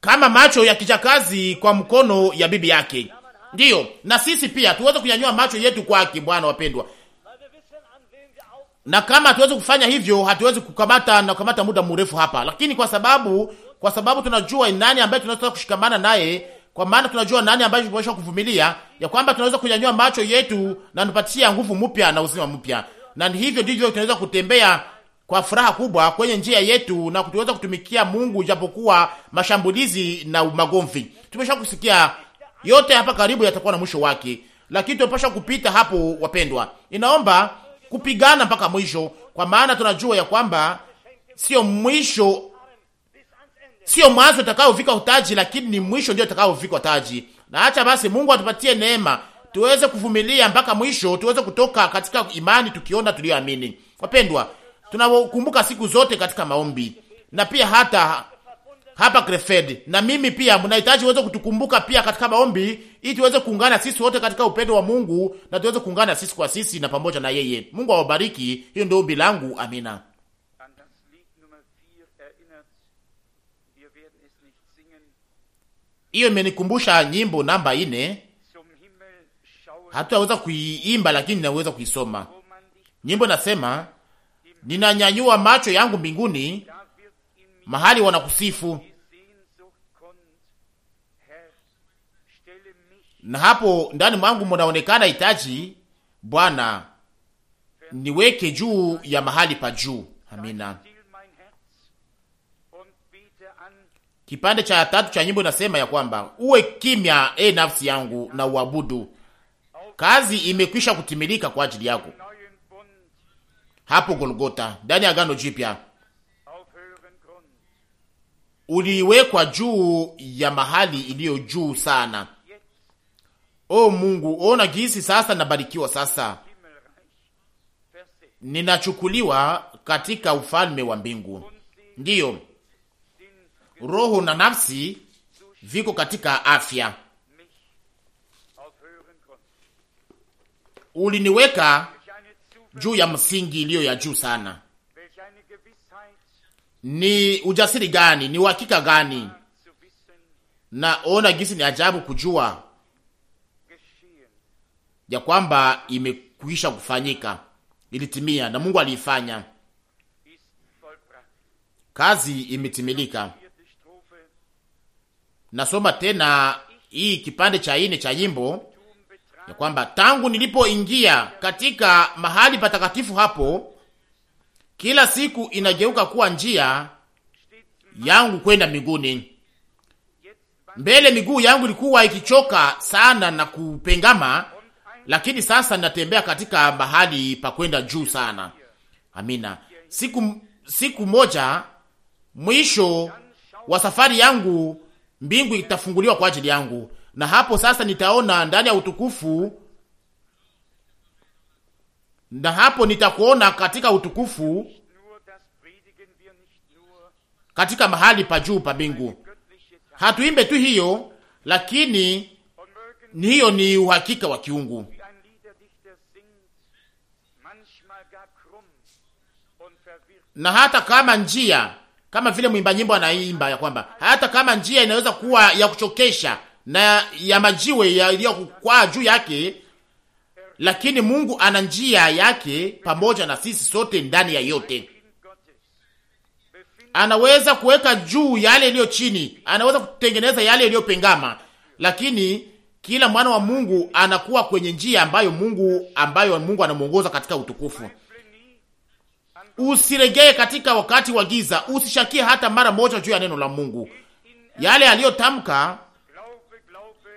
kama macho ya kichakazi kwa mkono ya bibi yake. Ndiyo, na sisi pia tuweze kunyanyua macho yetu kwake Bwana wapendwa, na kama tuweze kufanya hivyo, hatuwezi kukamata na kukamata muda mrefu hapa, lakini kwa sababu kwa sababu tunajua nani ambaye tunataka kushikamana naye, kwa maana tunajua nani ambaye tunaweza kuvumilia, ya kwamba tunaweza kunyanyua macho yetu na nupatia nguvu mpya na uzima mpya, na hivyo ndivyo tunaweza kutembea kwa furaha kubwa kwenye njia yetu na kutuweza kutumikia Mungu, japokuwa mashambulizi na magomvi. Tumesha kusikia yote hapa, karibu yatakuwa na mwisho wake, lakini tunapasha kupita hapo, wapendwa. Inaomba kupigana mpaka mwisho, kwa maana tunajua ya kwamba sio mwisho, sio mwanzo utakaovika utaji, lakini ni mwisho ndio utakaovika taji. Na acha basi Mungu atupatie neema tuweze kuvumilia mpaka mwisho, tuweze kutoka katika imani tukiona tuliyoamini, wapendwa tunakumbuka siku zote katika maombi na pia hata hapa Krefeld. Na mimi pia mnahitaji uweze kutukumbuka pia katika maombi, ili tuweze kuungana sisi wote katika upendo wa Mungu na tuweze kuungana sisi kwa sisi na pamoja na yeye. Mungu awabariki. Hiyo ndio ombi langu, amina. Hiyo imenikumbusha nyimbo namba ine, hatutaweza kuiimba lakini naweza kuisoma nyimbo. Nasema Ninanyanyua macho yangu mbinguni, mahali wanakusifu, na hapo ndani mwangu munaonekana hitaji. Bwana, niweke juu ya mahali pa juu. Amina. Kipande cha tatu cha nyimbo inasema ya kwamba uwe kimya, e nafsi yangu, na uabudu, kazi imekwisha kutimilika kwa ajili yako hapo Golgota ndani ya Agano Jipya uliwekwa juu ya mahali iliyo juu sana. O Mungu, ona gisi sasa nabarikiwa, sasa ninachukuliwa katika ufalme wa mbingu. Ndiyo, roho na nafsi viko katika afya. Uliniweka juu ya msingi iliyo ya juu sana. Ni ujasiri gani? Ni uhakika gani? Naona gisi ni ajabu kujua ya kwamba imekwisha kufanyika, ilitimia, na Mungu aliifanya kazi, imetimilika. Nasoma tena hii kipande cha ine cha nyimbo ya kwamba tangu nilipoingia katika mahali patakatifu hapo, kila siku inageuka kuwa njia yangu kwenda miguni. Mbele miguu yangu ilikuwa ikichoka sana na kupengama, lakini sasa ninatembea katika mahali pa kwenda juu sana. Amina. Siku, siku moja mwisho wa safari yangu mbingu itafunguliwa kwa ajili yangu na hapo sasa nitaona ndani ya utukufu, na hapo nitakuona katika utukufu, katika mahali pa juu pa mbingu. Hatuimbe tu hiyo, lakini ni hiyo ni uhakika wa kiungu. Na hata kama njia, kama vile mwimba nyimbo anaimba ya kwamba hata kama njia inaweza kuwa ya kuchokesha na ya majiwe yaliyokukwaa juu yake, lakini Mungu ana njia yake pamoja na sisi sote. Ndani ya yote anaweza kuweka juu yale yaliyo chini, anaweza kutengeneza yale yaliyopengama, lakini kila mwana wa Mungu anakuwa kwenye njia ambayo Mungu ambayo Mungu anamwongoza katika utukufu. Usiregee katika wakati wa giza, usishakie hata mara moja juu ya neno la Mungu. Yale aliyotamka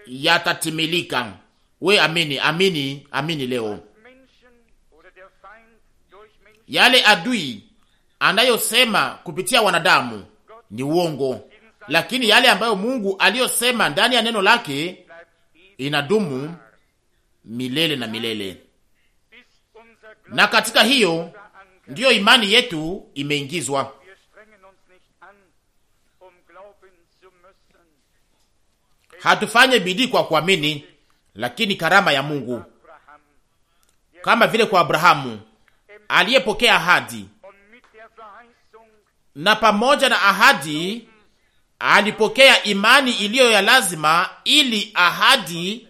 yatatimilika. We amini, amini, amini leo yale adui anayosema kupitia wanadamu ni uongo, lakini yale ambayo Mungu aliyosema ndani ya neno lake inadumu milele na milele, na katika hiyo ndiyo imani yetu imeingizwa. hatufanye bidii kwa kuamini, lakini karama ya Mungu, kama vile kwa Abrahamu aliyepokea ahadi, na pamoja na ahadi alipokea imani iliyo ya lazima ili ahadi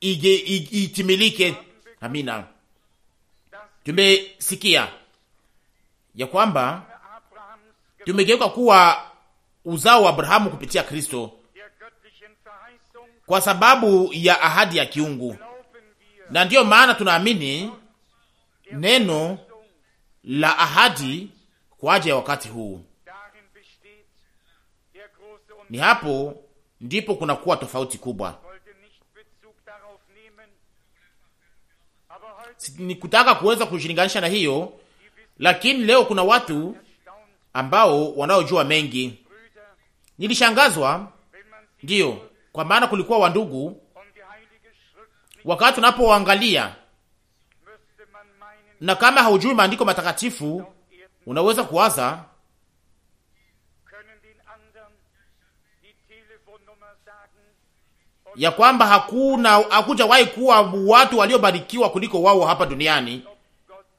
itimilike. Amina. Tumesikia ya kwamba tumegeuka kuwa uzao wa Abrahamu kupitia Kristo kwa sababu ya ahadi ya kiungu, na ndiyo maana tunaamini neno la ahadi kwa ajili ya wakati huu. Ni hapo ndipo kunakuwa tofauti kubwa. ni kutaka kuweza kujilinganisha na hiyo, lakini leo kuna watu ambao wanaojua mengi. Nilishangazwa ndiyo kwa maana kulikuwa wandugu. Wakati unapoangalia na kama haujui maandiko matakatifu, unaweza kuwaza ya kwamba hakuna hakujawahi kuwa watu waliobarikiwa kuliko wao hapa duniani.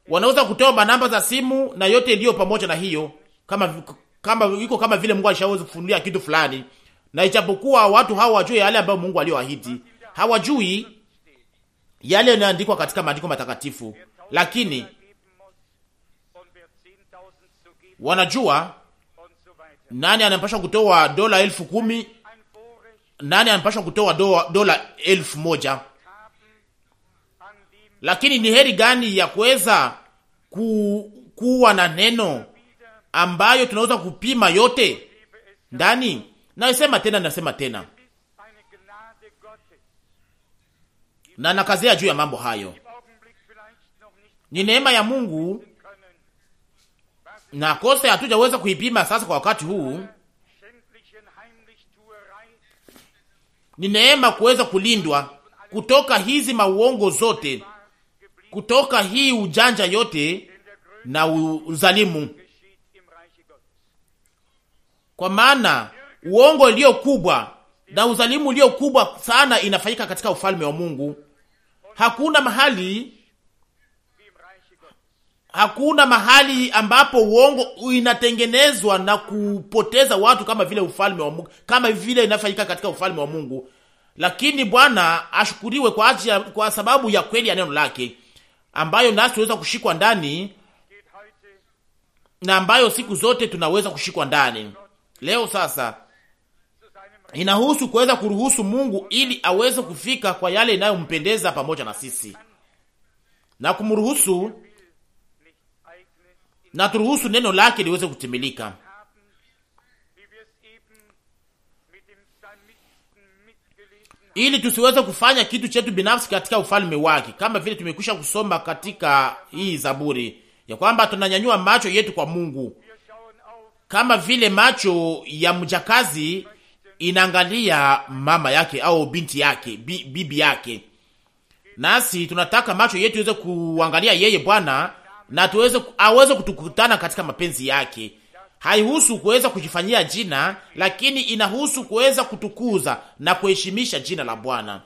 Wanaweza kutoa manamba za simu na yote iliyo pamoja na hiyo, kama kama iko kama vile Mungu alishawazi kufunulia kitu fulani na ijapokuwa watu hawa wajui yale ambayo Mungu aliyoahidi, hawajui yale yanayoandikwa katika maandiko matakatifu, lakini wanajua nani anapashwa kutoa dola elfu kumi nani anapashwa kutoa dola elfu moja lakini ni heri gani ya kuweza ku, kuwa na neno ambayo tunaweza kupima yote ndani Naisema tena, nasema tena na nakazea juu ya mambo hayo. Ni neema ya Mungu na kosa hatujaweza kuipima sasa kwa wakati huu. Ni neema kuweza kulindwa kutoka hizi mauongo zote, kutoka hii ujanja yote na uzalimu, kwa maana uongo ulio kubwa na uzalimu ulio kubwa sana inafanyika katika ufalme wa Mungu. Hakuna mahali, hakuna mahali ambapo uongo inatengenezwa na kupoteza watu kama vile ufalme wa Mungu, kama vile inafanyika katika ufalme wa Mungu. Lakini Bwana ashukuriwe kwa ajili, kwa sababu ya kweli ya neno lake ambayo nasi tunaweza kushikwa ndani na ambayo siku zote tunaweza kushikwa ndani. Leo sasa inahusu kuweza kuruhusu Mungu ili aweze kufika kwa yale inayompendeza pamoja na sisi na kumruhusu na turuhusu neno lake liweze kutimilika. ili tusiweze kufanya kitu chetu binafsi katika ufalme wake, kama vile tumekwisha kusoma katika hii Zaburi ya kwamba tunanyanyua macho yetu kwa Mungu, kama vile macho ya mjakazi inaangalia mama yake au binti yake bi, bibi yake, nasi tunataka macho yetu iweze kuangalia yeye Bwana na tuweze aweze kutukutana katika mapenzi yake. Haihusu kuweza kujifanyia jina, lakini inahusu kuweza kutukuza na kuheshimisha jina la Bwana.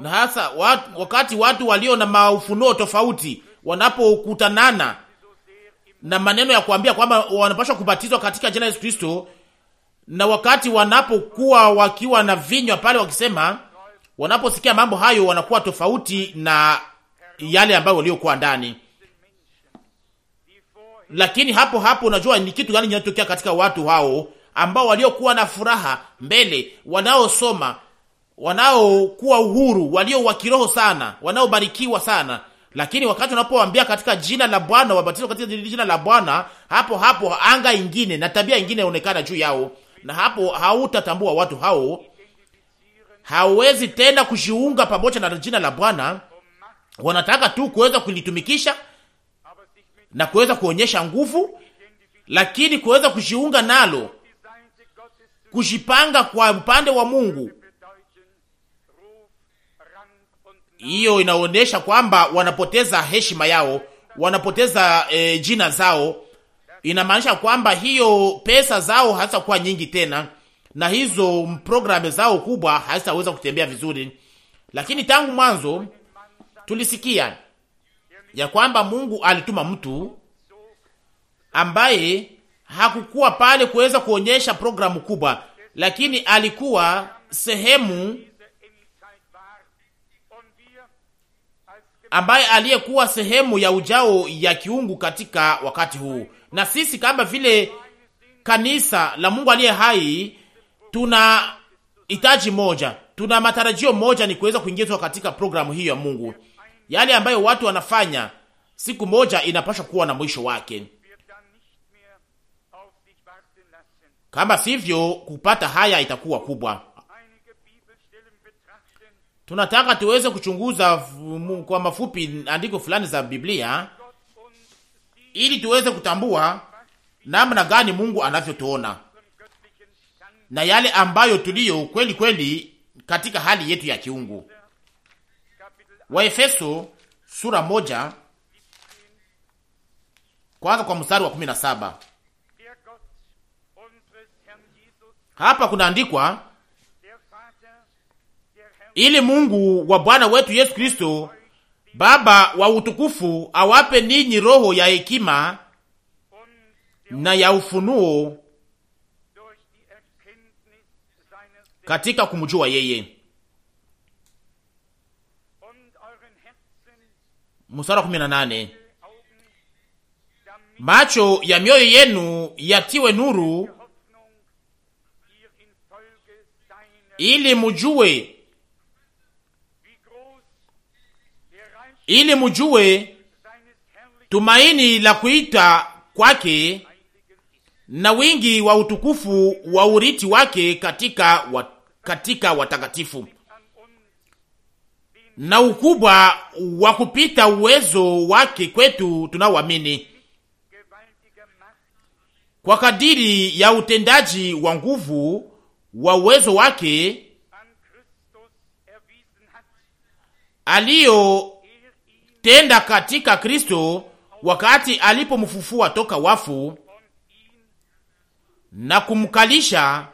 na hasa watu, wakati watu walio na maufunuo tofauti wanapokutanana na maneno ya kuambia kwamba wanapaswa kubatizwa katika jina la Yesu Kristo, na wakati wanapokuwa wakiwa na vinywa pale wakisema, wanaposikia mambo hayo wanakuwa tofauti na yale ambayo waliokuwa ndani. Lakini hapo hapo, unajua ni kitu gani kinatokea katika watu hao ambao waliokuwa na furaha mbele, wanaosoma wanaokuwa uhuru, walio wa kiroho sana, wanaobarikiwa sana. Lakini wakati unapowaambia katika jina la Bwana, wabatizwa katika jina la Bwana, hapo hapo anga ingine na tabia ingine inaonekana juu yao, na hapo hautatambua watu hao hawezi tena kujiunga pamoja na jina la Bwana. Wanataka tu kuweza kulitumikisha na kuweza kuonyesha nguvu, lakini kuweza kujiunga nalo, kujipanga kwa upande wa Mungu, Hiyo inaonyesha kwamba wanapoteza heshima yao, wanapoteza e, jina zao. Inamaanisha kwamba hiyo pesa zao hazitakuwa nyingi tena, na hizo programu zao kubwa hazitaweza kutembea vizuri. Lakini tangu mwanzo tulisikia ya kwamba Mungu alituma mtu ambaye hakukuwa pale kuweza kuonyesha programu kubwa, lakini alikuwa sehemu ambaye aliyekuwa sehemu ya ujao ya kiungu katika wakati huu. Na sisi kama vile kanisa la Mungu aliye hai tuna hitaji moja, tuna matarajio moja, ni kuweza kuingizwa katika programu hiyo ya Mungu. Yale ambayo watu wanafanya siku moja inapaswa kuwa na mwisho wake, kama sivyo kupata haya itakuwa kubwa tunataka tuweze kuchunguza kwa mafupi andiko fulani za Biblia ili tuweze kutambua namna gani Mungu anavyotuona na yale ambayo tuliyo kweli kweli katika hali yetu ya kiungu. Waefeso sura moja kwanza kwa mstari wa 17 hapa kunaandikwa ili Mungu wa Bwana wetu Yesu Kristo Baba wa utukufu awape ninyi roho ya hekima na ya ufunuo katika kumjua yeye. Mstari kumi na nane. Macho ya mioyo yenu yatiwe nuru ili mujue ili mujue tumaini la kuita kwake na wingi wa utukufu wa uriti wake katika, wa, katika watakatifu na ukubwa wa kupita uwezo wake kwetu tunaoamini, kwa kadiri ya utendaji wa nguvu wa uwezo wake aliyo tenda katika Kristo wakati alipomfufua toka wafu na kumkalisha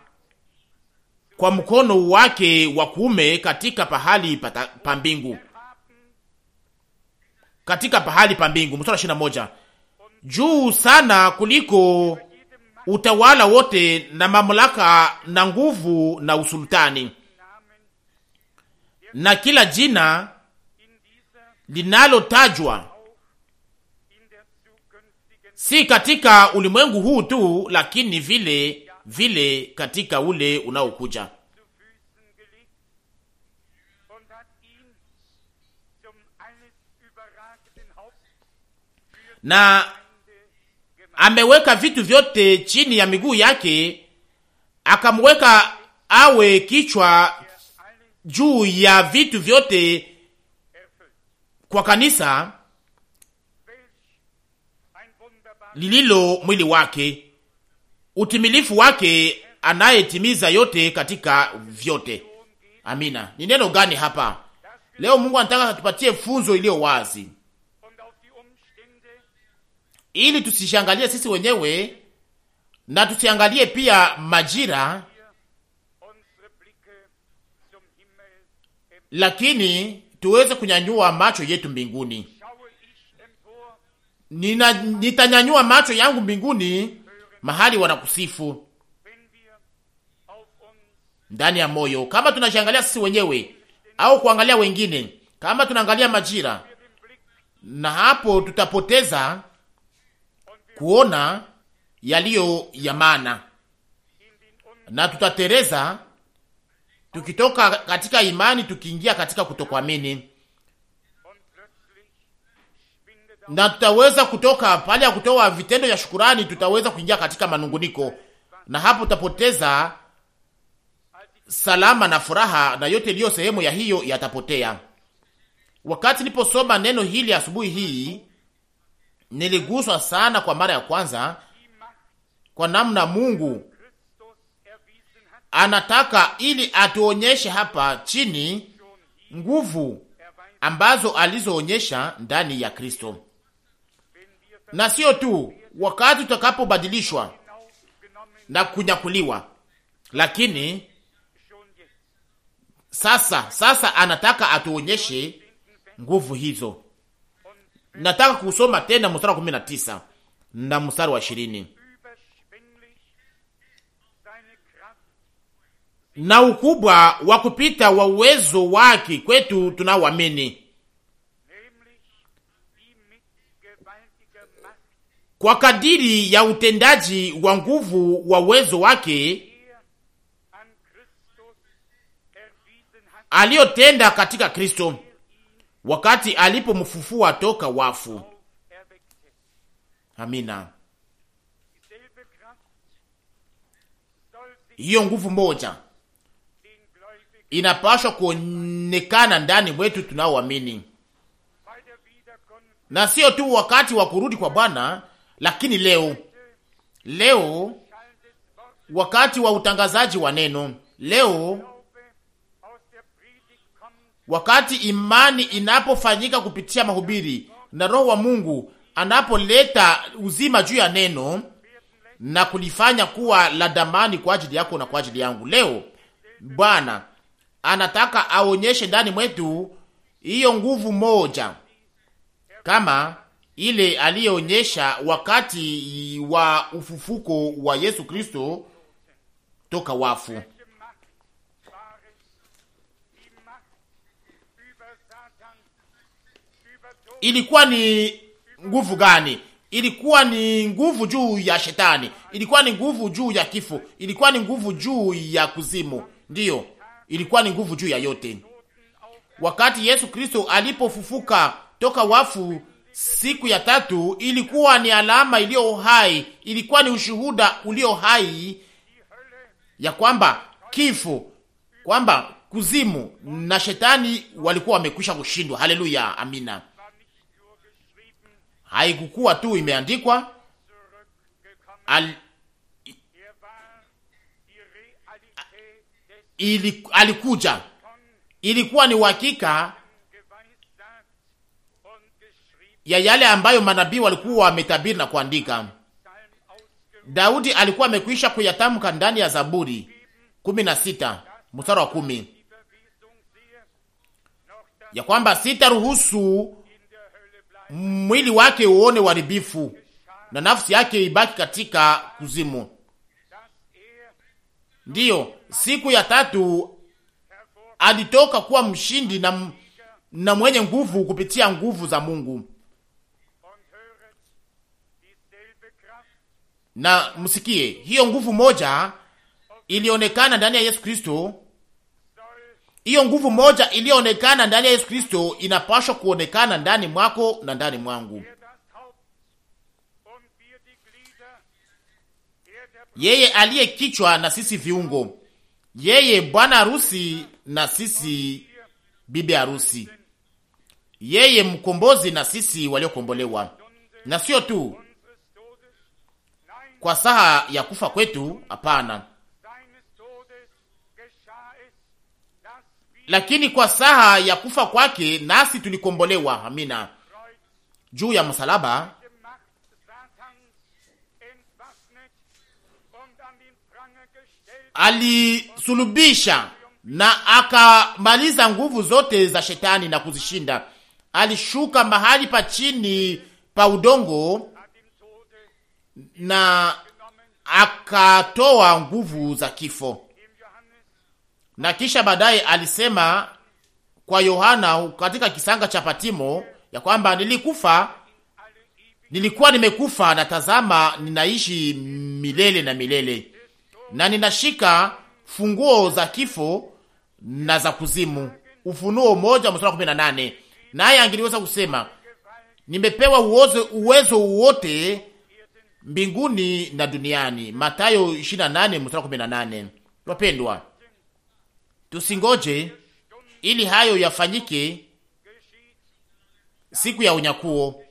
kwa mkono wake wa kuume katika pahali pa mbingu, katika pahali pa mbingu. Mstari ishirini na moja juu sana kuliko utawala wote na mamlaka na nguvu na usultani na kila jina linalotajwa si katika ulimwengu huu tu, lakini vile vile katika ule unaokuja. Na ameweka vitu vyote chini ya miguu yake, akamweka awe kichwa juu ya vitu vyote kwa kanisa lililo mwili wake, utimilifu wake, anayetimiza yote katika vyote. Amina. Ni neno gani hapa leo? Mungu anataka atupatie funzo iliyo wazi, ili tusishangalie sisi wenyewe na tusiangalie pia majira, lakini tuweze kunyanyua macho yetu mbinguni. Nina, nitanyanyua macho yangu mbinguni mahali wanakusifu ndani ya moyo. Kama tunashangalia sisi wenyewe au kuangalia wengine, kama tunaangalia majira, na hapo tutapoteza kuona yaliyo ya maana na tutatereza tukitoka katika imani tukiingia katika kutokuamini, na tutaweza kutoka pale ya kutoa vitendo vya shukurani, tutaweza kuingia katika manunguniko, na hapo utapoteza salama na furaha, na yote iliyo sehemu ya hiyo yatapotea. Wakati niliposoma neno hili asubuhi hii, niliguswa sana kwa mara ya kwanza kwa namna Mungu anataka ili atuonyeshe hapa chini nguvu ambazo alizoonyesha ndani ya Kristo, na sio tu wakati tutakapobadilishwa na kunyakuliwa, lakini sasa, sasa anataka atuonyeshe nguvu hizo. Nataka kusoma tena mstari wa 19 na mstari wa 20. na ukubwa wa kupita wa uwezo wake kwetu tunaoamini, kwa kadiri ya utendaji wa nguvu wa uwezo wake aliyotenda katika Kristo wakati alipomfufua toka wafu. Amina. Hiyo nguvu moja inapashwa kuonekana ndani mwetu tunaoamini, na sio tu wakati wa kurudi kwa Bwana, lakini leo, leo wakati wa utangazaji wa neno, leo wakati imani inapofanyika kupitia mahubiri na Roho wa Mungu anapoleta uzima juu ya neno na kulifanya kuwa la damani kwa ajili yako na kwa ajili yangu. Leo Bwana anataka aonyeshe ndani mwetu hiyo nguvu moja kama ile aliyoonyesha wakati wa ufufuko wa Yesu Kristo toka wafu. Ilikuwa ni nguvu gani? Ilikuwa ni nguvu juu ya shetani, ilikuwa ni nguvu juu ya kifo, ilikuwa ni nguvu juu ya kuzimu, ndiyo ilikuwa ni nguvu juu ya yote. Wakati Yesu Kristo alipofufuka toka wafu siku ya tatu, ilikuwa ni alama iliyo hai, ilikuwa ni ushuhuda ulio hai ya kwamba kifo, kwamba kuzimu na shetani walikuwa wamekwisha kushindwa. Haleluya, amina. Haikukuwa tu imeandikwa al ili, alikuja, ilikuwa ni uhakika ya yale ambayo manabii walikuwa wametabiri na kuandika. Daudi alikuwa amekwisha kuyatamka ndani ya Zaburi kumi na sita mstari wa kumi ya kwamba sitaruhusu mwili wake uone uharibifu na nafsi yake ibaki katika kuzimu. Ndiyo, siku ya tatu alitoka kuwa mshindi na, na mwenye nguvu kupitia nguvu za Mungu. Na msikie hiyo nguvu moja ilionekana ndani ya Yesu Kristo. Hiyo nguvu moja iliyoonekana ndani ya Yesu Kristo inapaswa kuonekana ndani mwako na ndani mwangu. Yeye aliye kichwa na sisi viungo yeye bwana harusi na sisi bibi harusi, yeye mkombozi na sisi waliokombolewa, na sio tu kwa saha ya kufa kwetu, hapana, lakini kwa saha ya kufa kwake nasi tulikombolewa. Amina. Juu ya msalaba alisulubisha na akamaliza nguvu zote za shetani na kuzishinda. Alishuka mahali pa chini pa udongo na akatoa nguvu za kifo, na kisha baadaye alisema kwa Yohana katika kisanga cha Patimo ya kwamba nilikufa, nilikuwa nimekufa, na tazama ninaishi milele na milele na ninashika funguo za kifo na za kuzimu. Ufunuo moja mstari kumi na nane. Naye angeliweza kusema nimepewa uwezo, uwezo wote mbinguni na duniani. Mathayo 28 mstari 18. Wapendwa, tusingoje ili hayo yafanyike siku ya unyakuo,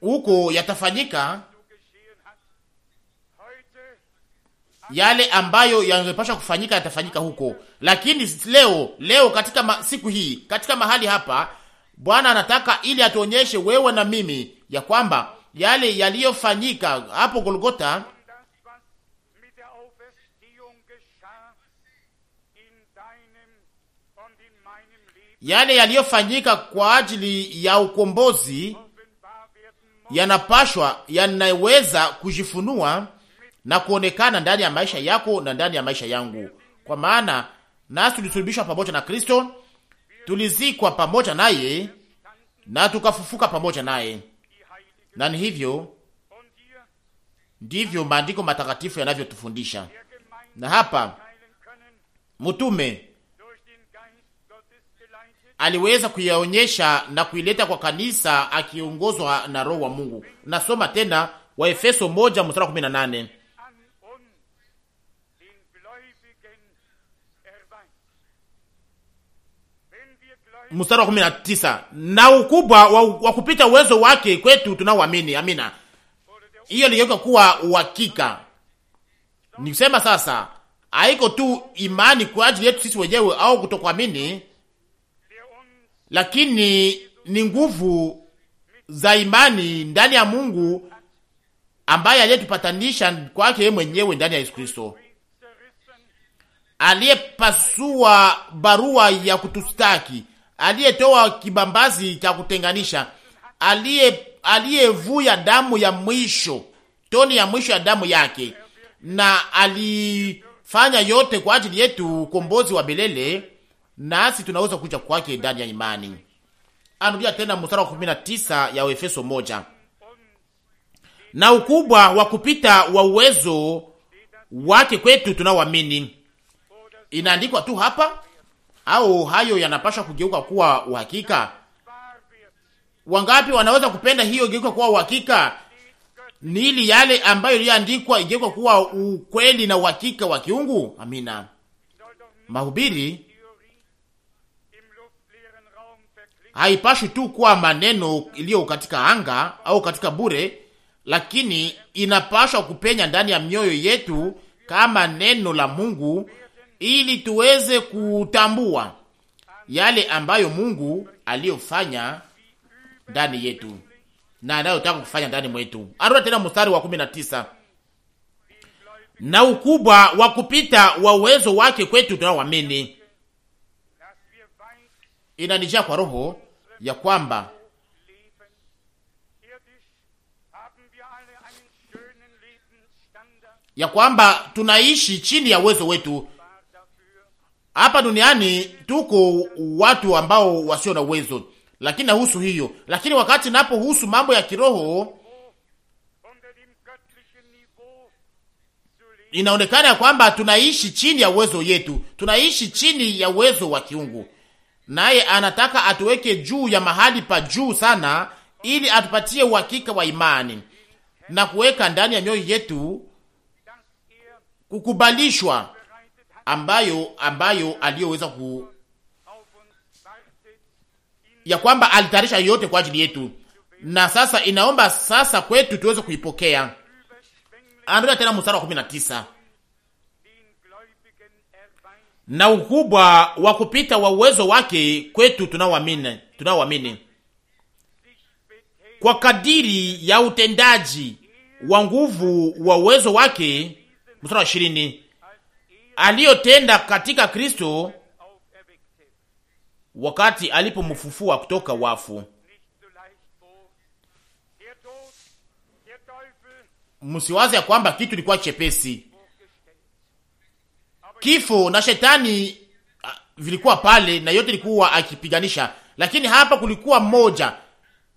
huko yatafanyika yale ambayo yamepashwa kufanyika yatafanyika huko. Lakini leo leo, katika ma, siku hii, katika mahali hapa, Bwana anataka ili atuonyeshe wewe na mimi ya kwamba yale yaliyofanyika hapo Golgota yale yaliyofanyika kwa ajili ya ukombozi yanapashwa yanaweza kujifunua na kuonekana ndani ya maisha yako na ndani ya maisha yangu, kwa maana nasi tulisulubishwa pamoja na Kristo, tulizikwa pamoja naye na tukafufuka pamoja naye, na ni hivyo ndivyo maandiko matakatifu yanavyotufundisha. Na hapa mtume aliweza kuyaonyesha na kuileta kwa kanisa akiongozwa na Roho wa Mungu. Nasoma tena Waefeso moja mstari wa kumi na mstari wa 19, na ukubwa wa, wa kupita uwezo wake kwetu tunaoamini. Amina, hiyo ligeuka kuwa uhakika. Nikusema sasa, haiko tu imani kwa ajili yetu sisi wenyewe au kutokuamini, lakini ni nguvu za imani ndani ya Mungu ambaye aliyetupatanisha kwake yeye mwenyewe ndani ya Yesu Kristo, aliyepasua barua ya kutustaki aliyetoa kibambazi cha kutenganisha, aliye aliyevuya damu ya mwisho, toni ya mwisho ya damu yake, na alifanya yote kwa ajili yetu, ukombozi wa belele, nasi tunaweza kuja kwake ndani ya imani. Anarudia tena mstari wa 19 ya Efeso moja na ukubwa wa kupita wa uwezo wake kwetu tunaoamini. Inaandikwa tu hapa au hayo yanapaswa kugeuka kuwa uhakika? Wangapi wanaweza kupenda hiyo igeuka kuwa uhakika, nili yale ambayo iliyoandikwa igeuka kuwa ukweli na uhakika wa kiungu? Amina. Mahubiri haipashi tu kuwa maneno iliyo katika anga au katika bure, lakini inapashwa kupenya ndani ya mioyo yetu kama neno la Mungu ili tuweze kutambua yale ambayo Mungu aliyofanya ndani yetu na anayotaka kufanya ndani mwetu. Arudi tena mstari wa 19. Na ukubwa wa kupita wa uwezo wake kwetu tunaoamini. Inanijia kwa roho ya kwamba ya kwamba tunaishi chini ya uwezo wetu, hapa duniani tuko watu ambao wasio na uwezo, lakini nahusu hiyo. Lakini wakati napohusu mambo ya kiroho, inaonekana ya kwamba tunaishi chini ya uwezo yetu, tunaishi chini ya uwezo wa kiungu, naye anataka atuweke juu ya mahali pa juu sana, ili atupatie uhakika wa imani na kuweka ndani ya mioyo yetu kukubalishwa ambayo ambayo aliyoweza ku ya kwamba alitarisha yote kwa ajili yetu, na sasa inaomba sasa kwetu tuweze kuipokea. Angalia tena mstari wa 19 na ukubwa wa kupita wa uwezo wake kwetu tunaoamini, tunaoamini kwa kadiri ya utendaji wa nguvu wa uwezo wake. Mstari wa ishirini aliyotenda katika Kristo wakati alipomfufua kutoka wafu. Msiwaze ya kwamba kitu ilikuwa chepesi. Kifo na shetani vilikuwa pale na yote ilikuwa akipiganisha, lakini hapa kulikuwa mmoja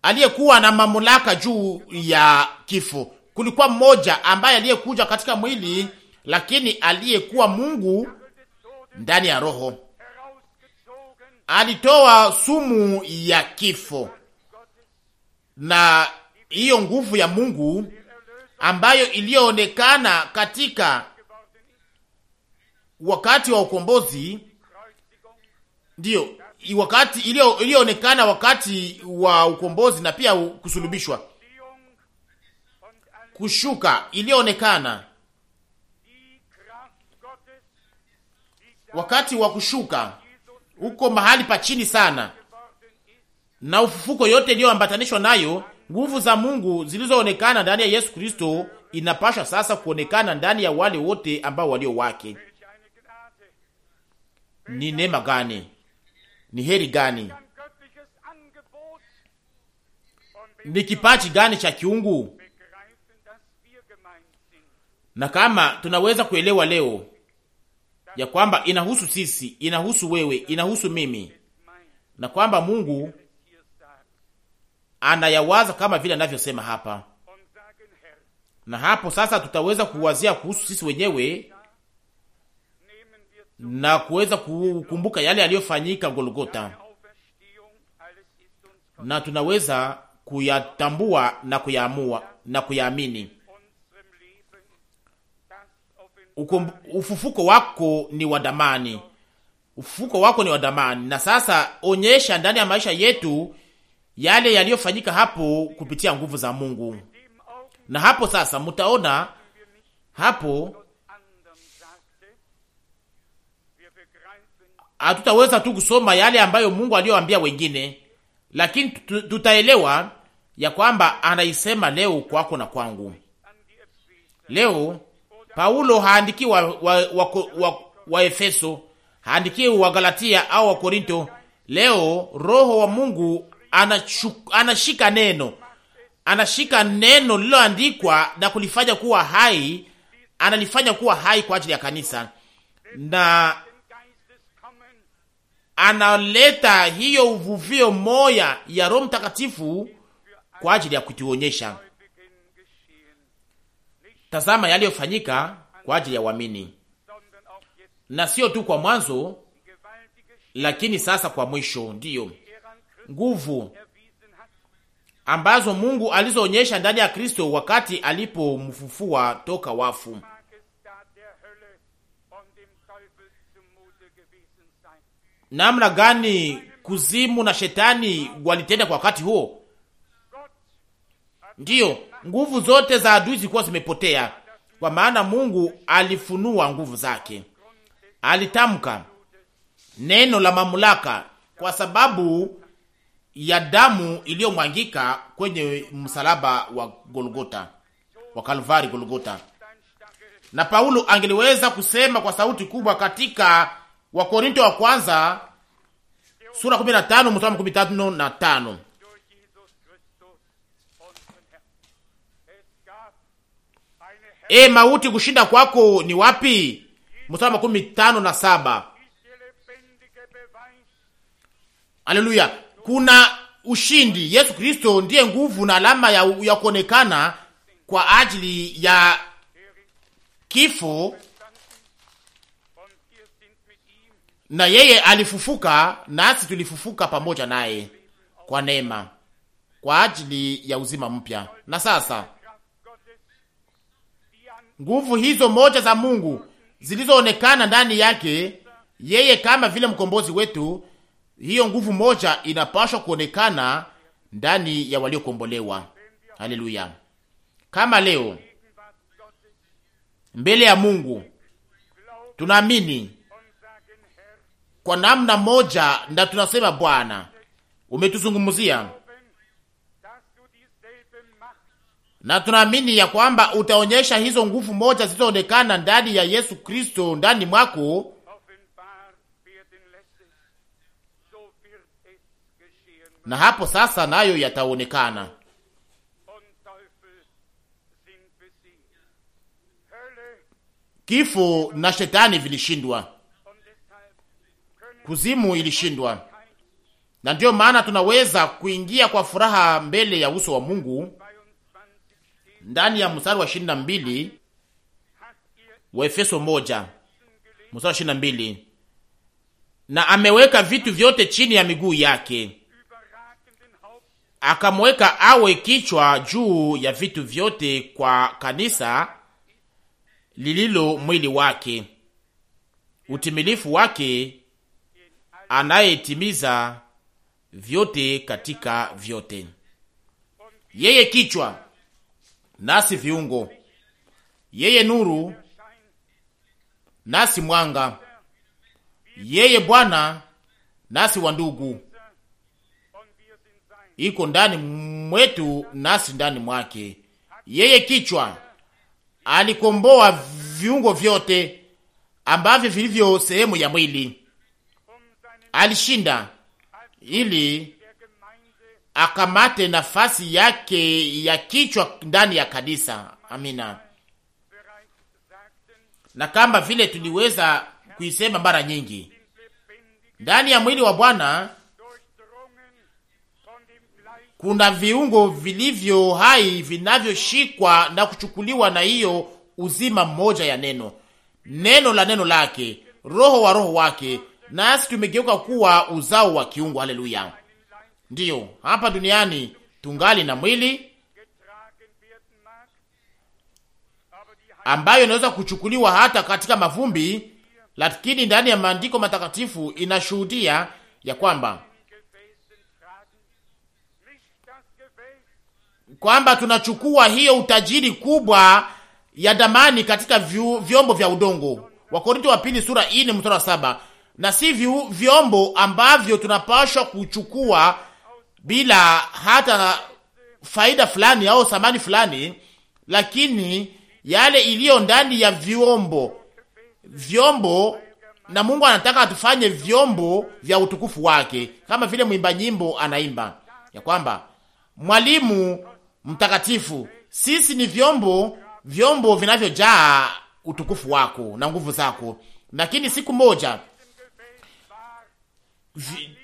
aliyekuwa na mamlaka juu ya kifo. Kulikuwa mmoja ambaye aliyekuja katika mwili lakini aliyekuwa Mungu ndani ya roho alitoa sumu ya kifo, na hiyo nguvu ya Mungu ambayo iliyoonekana katika wakati wa ukombozi, ndiyo wakati iliyoonekana wakati wa ukombozi na pia kusulubishwa, kushuka iliyoonekana wakati wa kushuka huko mahali pa chini sana na ufufuko yote iliyoambatanishwa nayo, nguvu za Mungu zilizoonekana ndani ya Yesu Kristo inapasha sasa kuonekana ndani ya wale wote ambao walio wake. Ni neema gani! Ni heri gani! Ni kipaji gani cha kiungu! Na kama tunaweza kuelewa leo ya kwamba inahusu sisi, inahusu wewe, inahusu mimi, na kwamba Mungu anayawaza kama vile anavyosema hapa, na hapo sasa tutaweza kuwazia kuhusu sisi wenyewe na kuweza kukumbuka yale yaliyofanyika Golgota, na tunaweza kuyatambua na kuyaamua na kuyaamini ufufuko wako ni wadamani, ufufuko wako ni damani. Na sasa onyesha ndani ya maisha yetu yale yaliyofanyika hapo kupitia nguvu za Mungu, na hapo sasa mtaona hapo hatutaweza tu kusoma yale ambayo Mungu aliyoambia wengine, lakini tutaelewa ya kwamba anaisema leo kwako na kwangu. Leo Paulo haandiki wa, wa, wa, wa, wa Efeso, haandiki wa Galatia au wa Korinto. Leo roho wa Mungu anashu, anashika neno, anashika neno lililoandikwa na kulifanya kuwa hai, analifanya kuwa hai kwa ajili ya kanisa na analeta hiyo uvuvio moya ya Roho Mtakatifu kwa ajili ya kutuonyesha tazama yaliyofanyika kwa ajili ya uamini, na sio tu kwa mwanzo, lakini sasa kwa mwisho. Ndiyo nguvu ambazo Mungu alizoonyesha ndani ya Kristo wakati alipomfufua toka wafu. Namna gani kuzimu na shetani walitenda kwa wakati huo? Ndiyo, nguvu zote za adui zilikuwa zimepotea, kwa maana Mungu alifunua nguvu zake, alitamka neno la mamlaka kwa sababu ya damu iliyomwangika kwenye msalaba wa Golgota, wa Kalvari Golgota. Na Paulo angeliweza kusema kwa sauti kubwa katika Wakorinto wa kwanza sura 15 mstari 15 na 5 E mauti, kushinda kwako ni wapi? Mstari makumi tano na saba. aleluya kuna ushindi. Yesu Kristo ndiye nguvu na alama ya, ya kuonekana kwa ajili ya kifo na yeye alifufuka nasi tulifufuka pamoja naye kwa neema, kwa ajili ya uzima mpya. Na sasa nguvu hizo moja za Mungu zilizoonekana ndani yake yeye kama vile mkombozi wetu. Hiyo nguvu moja inapaswa kuonekana ndani ya waliokombolewa. Haleluya! Kama leo mbele ya Mungu tunaamini kwa namna moja, na tunasema Bwana, umetuzungumzia na tunaamini ya kwamba utaonyesha hizo nguvu moja zilizoonekana ndani ya Yesu Kristo ndani mwako na hapo sasa nayo yataonekana. Kifo na shetani vilishindwa, kuzimu ilishindwa, na ndiyo maana tunaweza kuingia kwa furaha mbele ya uso wa Mungu ndani ya mstari wa 22 wa Efeso moja mstari wa 22, na ameweka vitu vyote chini ya miguu yake, akamweka awe kichwa juu ya vitu vyote kwa kanisa lililo mwili wake, utimilifu wake, anayetimiza vyote katika vyote. Yeye kichwa nasi viungo, yeye nuru, nasi mwanga, yeye Bwana, nasi wandugu, iko ndani mwetu, nasi ndani mwake. Yeye kichwa, alikomboa viungo vyote ambavyo vilivyo sehemu ya mwili, alishinda ili akamate nafasi yake ya kichwa ndani ya kanisa. Amina. Na kama vile tuliweza kuisema mara nyingi, ndani ya mwili wa Bwana kuna viungo vilivyo hai vinavyoshikwa na kuchukuliwa na hiyo uzima mmoja ya neno, neno la neno lake, roho wa roho wake, nasi tumegeuka kuwa uzao wa kiungo. Haleluya! Ndiyo, hapa duniani tungali na mwili ambayo inaweza kuchukuliwa hata katika mavumbi, lakini ndani ya maandiko matakatifu inashuhudia ya kwamba kwamba tunachukua hiyo utajiri kubwa ya damani katika vyombo vya udongo, Wakorinto wa pili sura 4 mstari wa saba, na si vyombo ambavyo tunapashwa kuchukua bila hata faida fulani au thamani fulani, lakini yale iliyo ndani ya vyombo vyombo, na Mungu anataka atufanye vyombo vya utukufu wake, kama vile mwimba nyimbo anaimba ya kwamba mwalimu mtakatifu, sisi ni vyombo, vyombo vinavyojaa utukufu wako na nguvu zako, lakini siku moja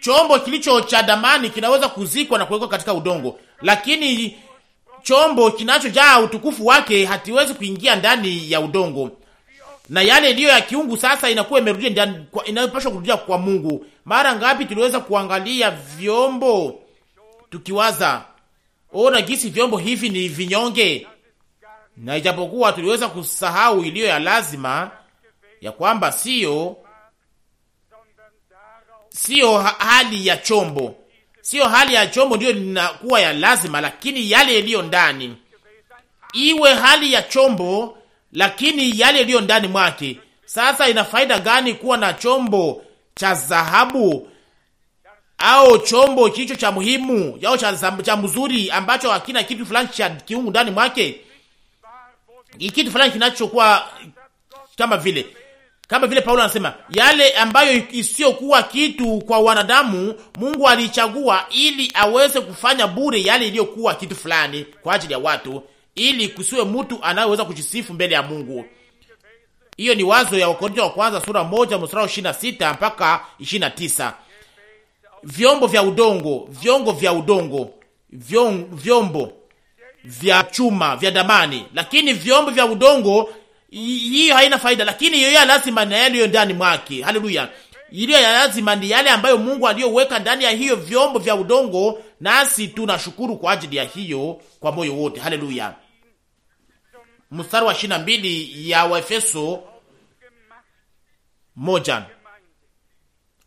chombo kilicho cha damani kinaweza kuzikwa na kuwekwa katika udongo, lakini chombo kinachojaa utukufu wake hatiwezi kuingia ndani ya udongo, na yale iliyo ya kiungu sasa inakuwa imerudia ndani, inapaswa kurudia kwa Mungu. Mara ngapi tuliweza kuangalia vyombo tukiwaza, ona gisi vyombo hivi ni vinyonge, na ijapokuwa tuliweza kusahau iliyo ya lazima ya kwamba sio Sio hali ya chombo, sio hali ya chombo ndiyo linakuwa ya lazima, lakini yale yaliyo ndani. Iwe hali ya chombo, lakini yale yaliyo ndani mwake. Sasa ina faida gani kuwa na chombo cha dhahabu au chombo kicho cha muhimu yao cha, cha mzuri ambacho hakina kitu fulani cha kiungu ndani mwake, kitu fulani kinachokuwa kama vile kama vile Paulo anasema yale ambayo isiyokuwa kitu kwa wanadamu, Mungu alichagua ili aweze kufanya bure yale iliyokuwa kitu fulani kwa ajili ya watu, ili kusiwe mtu anayeweza kujisifu mbele ya Mungu. Hiyo ni wazo ya Wakorintho wa kwanza sura moja mstari ishirini na sita mpaka ishirini na tisa. Vyombo vya udongo, vyongo vya udongo, vyombo vya chuma vya damani, lakini vyombo vya udongo hiyo haina faida, lakini hiyo ya lazima na yaliyo ndani mwake. Haleluya! Iliyo ya lazima ni yale ambayo Mungu aliyoweka ndani ya hiyo vyombo vya udongo, nasi tunashukuru kwa ajili ya hiyo kwa moyo wote. Haleluya! Mstari wa 22 ya Waefeso moja,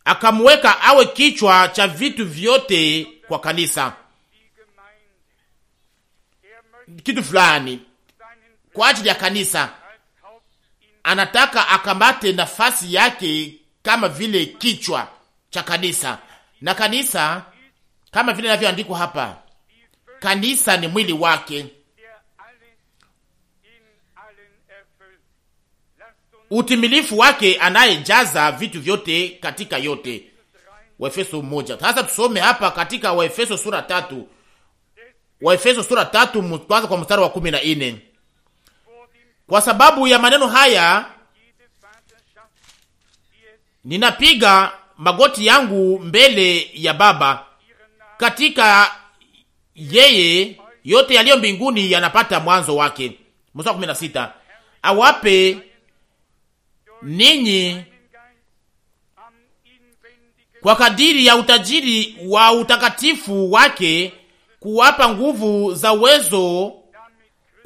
akamweka awe kichwa cha vitu vyote kwa kanisa, kitu fulani kwa ajili ya kanisa anataka akamate nafasi yake kama vile kichwa cha kanisa, na kanisa kama vile inavyoandikwa hapa, kanisa ni mwili wake. Utimilifu wake anayejaza vitu vyote katika yote. Waefeso moja. Sasa tusome hapa katika Waefeso sura tatu, Waefeso sura tatu kwanza kwa mstari wa kumi na nne kwa sababu ya maneno haya ninapiga magoti yangu mbele ya Baba katika yeye, yote yaliyo mbinguni yanapata mwanzo wake. Mstari kumi na sita awape ninyi kwa kadiri ya utajiri wa utakatifu wake kuwapa nguvu za uwezo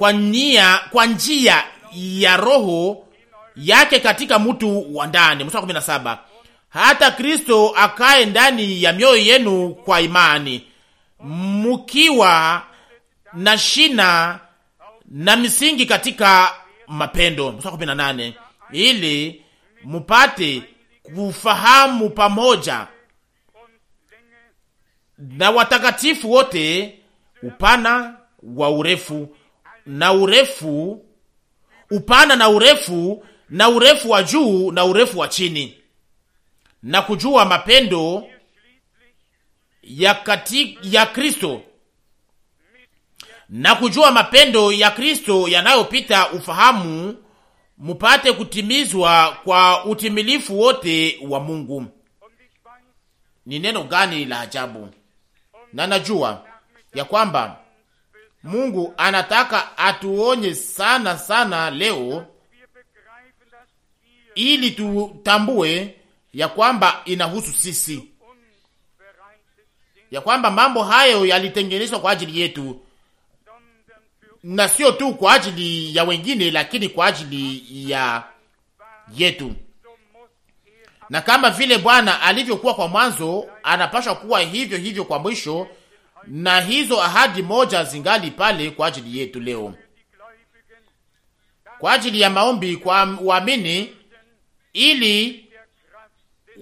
kwa nia, kwa njia ya roho yake katika mtu wa ndani. Mstari kumi na saba, hata Kristo akae ndani ya mioyo yenu kwa imani, mkiwa na shina na misingi katika mapendo. Mstari kumi na nane, ili mupate kufahamu pamoja na watakatifu wote upana wa urefu na urefu, upana na urefu, na urefu wa juu na urefu wa chini, na kujua mapendo ya kati, ya Kristo na kujua mapendo ya Kristo yanayopita ufahamu, mupate kutimizwa kwa utimilifu wote wa Mungu. Ni neno gani la ajabu! Na najua ya kwamba Mungu anataka atuonye sana sana leo ili tutambue ya kwamba inahusu sisi, ya kwamba mambo hayo yalitengenezwa kwa ajili yetu na sio tu kwa ajili ya wengine, lakini kwa ajili ya yetu. Na kama vile Bwana alivyokuwa kwa mwanzo, anapashwa kuwa hivyo hivyo kwa mwisho, na hizo ahadi moja zingali pale kwa ajili yetu leo, kwa ajili ya maombi kwa waamini, ili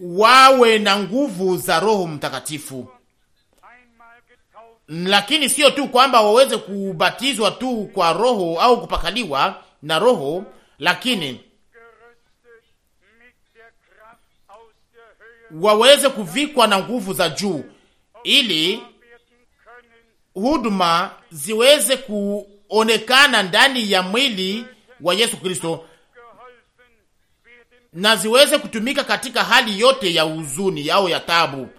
wawe na nguvu za Roho Mtakatifu, lakini sio tu kwamba waweze kubatizwa tu kwa Roho au kupakaliwa na Roho, lakini waweze kuvikwa na nguvu za juu ili huduma ziweze kuonekana ndani ya mwili wa Yesu Kristo na ziweze kutumika katika hali yote ya huzuni au ya tabu.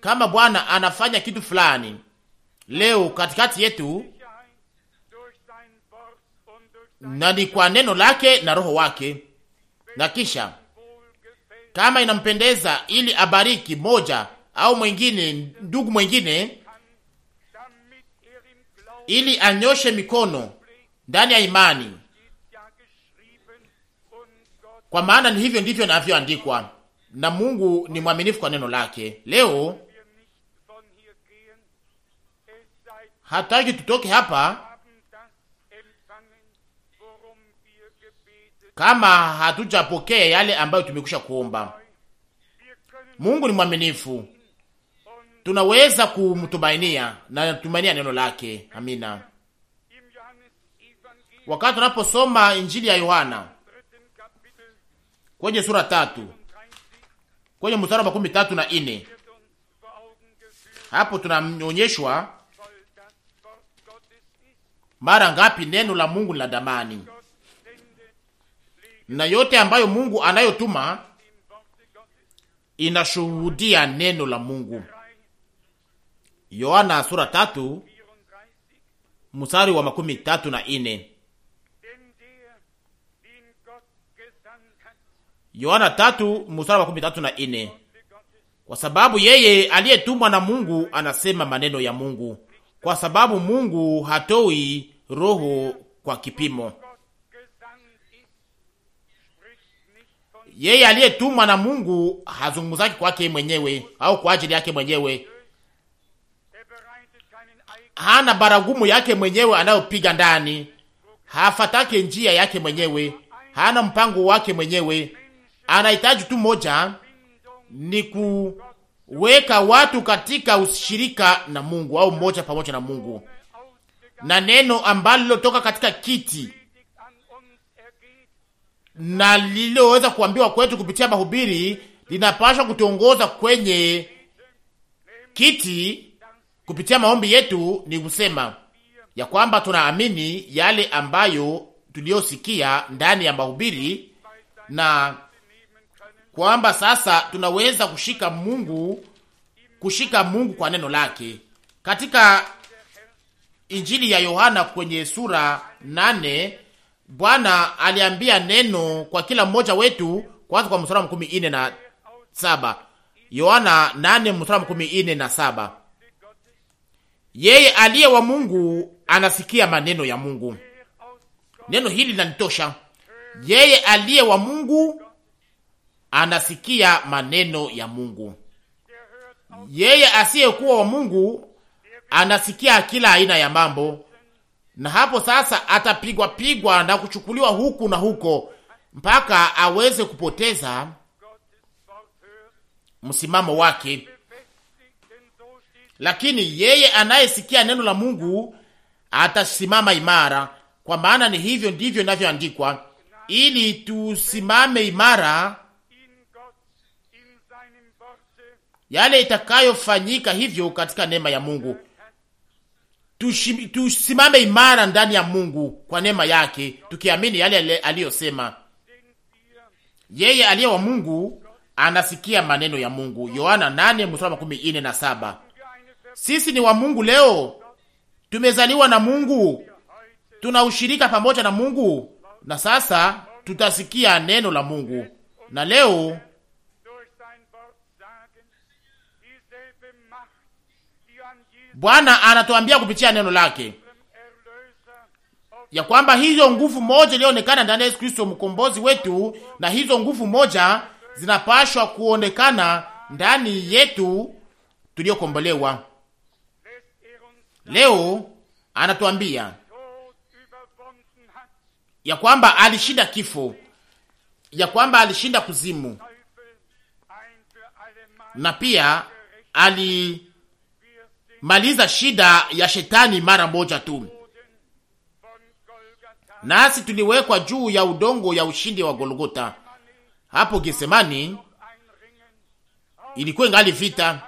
Kama Bwana anafanya kitu fulani leo katikati yetu, na ni kwa neno lake na roho wake, na kisha kama inampendeza, ili abariki moja au mwingine, ndugu mwingine ili anyoshe mikono ndani ya imani, kwa maana ni hivyo ndivyo navyoandikwa, na Mungu ni mwaminifu kwa neno lake. Leo hataki tutoke hapa kama hatujapokea yale ambayo tumekwisha kuomba. Mungu ni mwaminifu, tunaweza kumtumainia na tumainia neno lake. Amina. Wakati tunaposoma Injili ya Yohana kwenye sura tatu kwenye mstari wa makumi tatu na ine hapo tunaonyeshwa mara ngapi neno la Mungu lina damani na yote ambayo Mungu anayotuma inashuhudia neno la Mungu. Yohana sura tatu musari wa makumi tatu na ine. Yohana tatu musari wa makumi tatu na ine. Kwa sababu yeye aliyetumwa na Mungu anasema maneno ya Mungu, kwa sababu Mungu hatoi roho kwa kipimo. Yeye aliyetumwa na Mungu hazungumzaki kwake mwenyewe au kwa ajili yake mwenyewe, hana baragumu yake mwenyewe anayopiga ndani, hafatake njia yake mwenyewe, hana mpango wake mwenyewe. Anahitaji tu moja, ni kuweka watu katika ushirika na Mungu au moja pamoja na Mungu, na neno ambalo lilotoka katika kiti na lililoweza kuambiwa kwetu kupitia mahubiri linapaswa kutuongoza kwenye kiti kupitia maombi yetu ni kusema ya kwamba tunaamini yale ambayo tuliyosikia ndani ya mahubiri na kwamba sasa tunaweza kushika Mungu, kushika Mungu kwa neno lake. Katika Injili ya Yohana kwenye sura nane Bwana aliambia neno kwa kila mmoja wetu, kwanza kwa mstari wa makumi ine na saba Yohana nane mstari wa makumi ine na saba yeye aliye wa Mungu anasikia maneno ya Mungu. Neno hili linanitosha. Yeye aliye wa Mungu anasikia maneno ya Mungu. Yeye asiyekuwa wa Mungu anasikia kila aina ya mambo, na hapo sasa atapigwa pigwa na kuchukuliwa huku na huko mpaka aweze kupoteza msimamo wake lakini yeye anayesikia neno la Mungu atasimama imara, kwa maana ni hivyo ndivyo inavyoandikwa, ili tusimame imara. Yale itakayofanyika hivyo katika neema ya Mungu, tusimame imara ndani ya Mungu kwa neema yake, tukiamini yale aliyosema. Yeye aliye wa Mungu anasikia maneno ya Mungu. Yohana 8 makumi ine na saba. Sisi ni wa Mungu leo, tumezaliwa na Mungu, tuna ushirika pamoja na Mungu, na sasa tutasikia neno la Mungu, na leo Bwana anatuambia kupitia neno lake ya kwamba hizo nguvu moja ilionekana ndani ya Yesu Kristo mkombozi wetu, na hizo nguvu moja zinapashwa kuonekana ndani yetu tuliokombolewa. Leo anatuambia ya kwamba alishinda kifo, ya kwamba alishinda kuzimu, na pia alimaliza shida ya shetani mara moja tu. Nasi tuliwekwa juu ya udongo ya ushindi wa Golgota. Hapo gesemani ilikuwa ingali vita,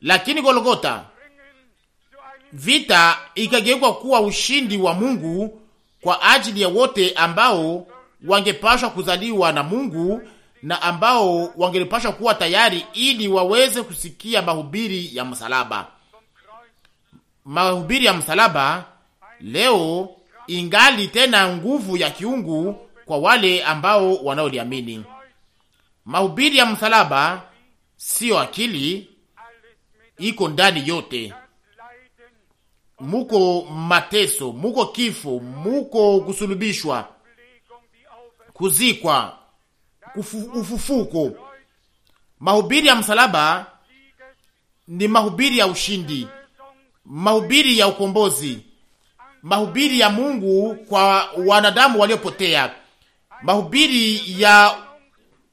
lakini Golgota vita ikageuka kuwa ushindi wa Mungu kwa ajili ya wote ambao wangepashwa kuzaliwa na Mungu na ambao wangelipashwa kuwa tayari ili waweze kusikia mahubiri ya msalaba. Mahubiri ya msalaba leo ingali tena nguvu ya kiungu kwa wale ambao wanaoliamini. Mahubiri ya msalaba siyo akili, iko ndani yote muko mateso, muko kifo, muko kusulubishwa, kuzikwa, kufu, ufufuko. Mahubiri ya msalaba ni mahubiri ya ushindi, mahubiri ya ukombozi, mahubiri ya Mungu kwa wanadamu waliopotea, mahubiri ya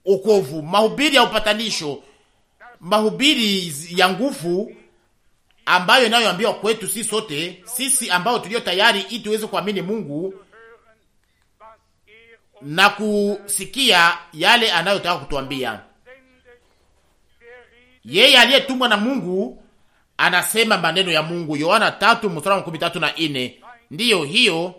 okovu, mahubiri ya upatanisho, mahubiri ya nguvu ambayo inayoambiwa kwetu sisi sote, sisi ambao tulio tayari ili tuweze kuamini Mungu na kusikia yale anayotaka kutuambia. Yeye aliyetumwa na Mungu anasema maneno ya Mungu. Yohana tatu mstari wa kumi na nne. Ndiyo, hiyo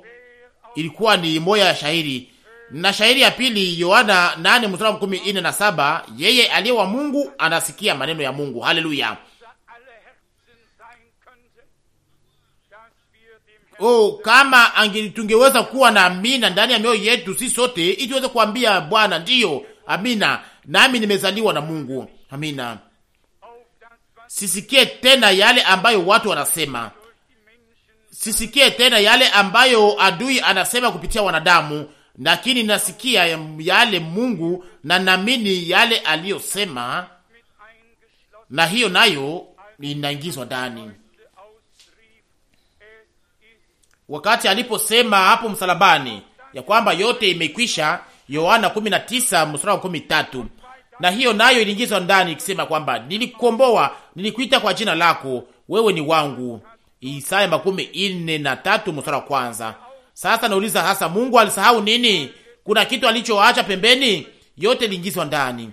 ilikuwa ni moya ya shairi na shairi ya pili Yohana nane mstari wa kumi na saba. Yeye aliye wa Mungu anasikia maneno ya Mungu. Haleluya! Oh, kama ange tungeweza kuwa na amina ndani ya mioyo yetu si sote, ili tuweze kuambia Bwana ndiyo, amina, nami nimezaliwa na Mungu, amina. Sisikie tena yale ambayo watu wanasema, sisikie tena yale ambayo adui anasema kupitia wanadamu, lakini nasikia yale Mungu na naamini yale aliyosema, na hiyo nayo inaingizwa ndani wakati aliposema hapo msalabani ya kwamba yote imekwisha, Yohana 19 mstari wa 13. Na hiyo nayo iliingizwa ndani ikisema kwamba nilikukomboa, nilikuita kwa jina lako, wewe ni wangu. Isaya makumi ine na tatu mstari wa kwanza. Sasa nauliza hasa, Mungu alisahau nini? Kuna kitu alichoacha pembeni? Yote iliingizwa ndani.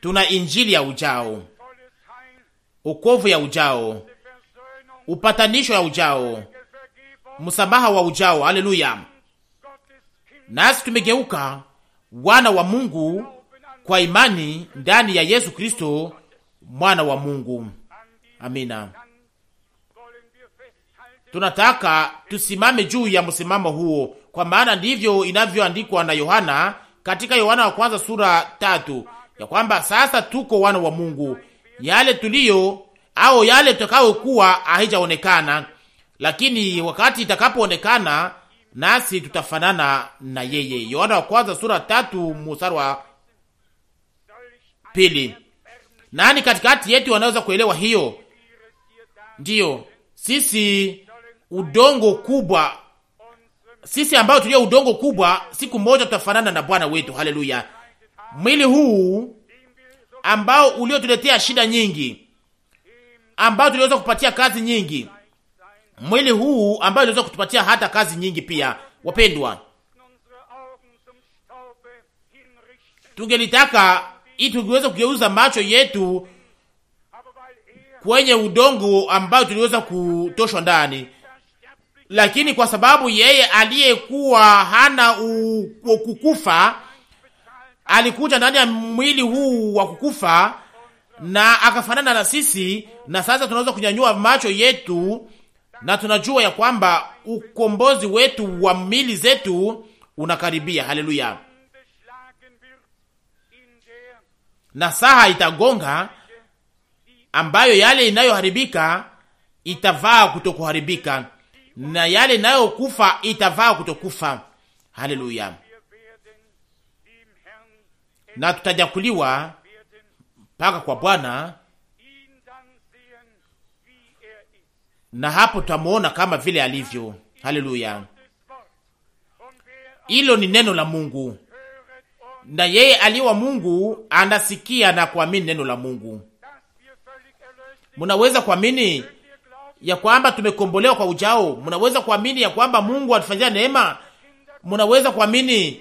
Tuna injili ya ujao, ukovu ya ujao, upatanisho ya ujao, msamaha wa ujao. Haleluya! Nasi tumegeuka wana wa Mungu kwa imani ndani ya Yesu Kristo mwana wa Mungu. Amina. Tunataka tusimame juu ya msimamo huo, kwa maana ndivyo inavyoandikwa na Yohana katika Yohana wa kwanza sura tatu ya kwamba sasa tuko wana wa Mungu, yale tuliyo au yale tutakayokuwa haijaonekana, lakini wakati itakapoonekana nasi tutafanana na yeye. Yohana wa kwanza sura tatu mstari wa pili. Nani katikati yetu wanaweza kuelewa hiyo? Ndiyo sisi udongo kubwa, sisi ambao tulio udongo kubwa, siku moja tutafanana na Bwana wetu. Haleluya! Mwili huu ambao uliotuletea shida nyingi ambayo tuliweza kupatia kazi nyingi, mwili huu ambayo uliweza kutupatia hata kazi nyingi pia. Wapendwa, tungelitaka ili tungeweza kugeuza macho yetu kwenye udongo ambao tuliweza kutoshwa ndani, lakini kwa sababu yeye aliyekuwa hana kukufa alikuja ndani ya mwili huu wa kukufa na akafanana na sisi, na sasa tunaweza kunyanyua macho yetu na tunajua ya kwamba ukombozi wetu wa mili zetu unakaribia. Haleluya! na saha itagonga ambayo yale inayoharibika itavaa kutokuharibika na yale inayokufa itavaa kutokufa. Haleluya! na tutanyakuliwa mpaka kwa Bwana, na hapo tutamwona kama vile alivyo. Haleluya! Hilo ni neno la Mungu, na yeye aliye wa Mungu anasikia na kuamini neno la Mungu. Munaweza kuamini ya kwamba tumekombolewa kwa ujao? Munaweza kuamini ya kwamba Mungu atufanyia neema? Munaweza kuamini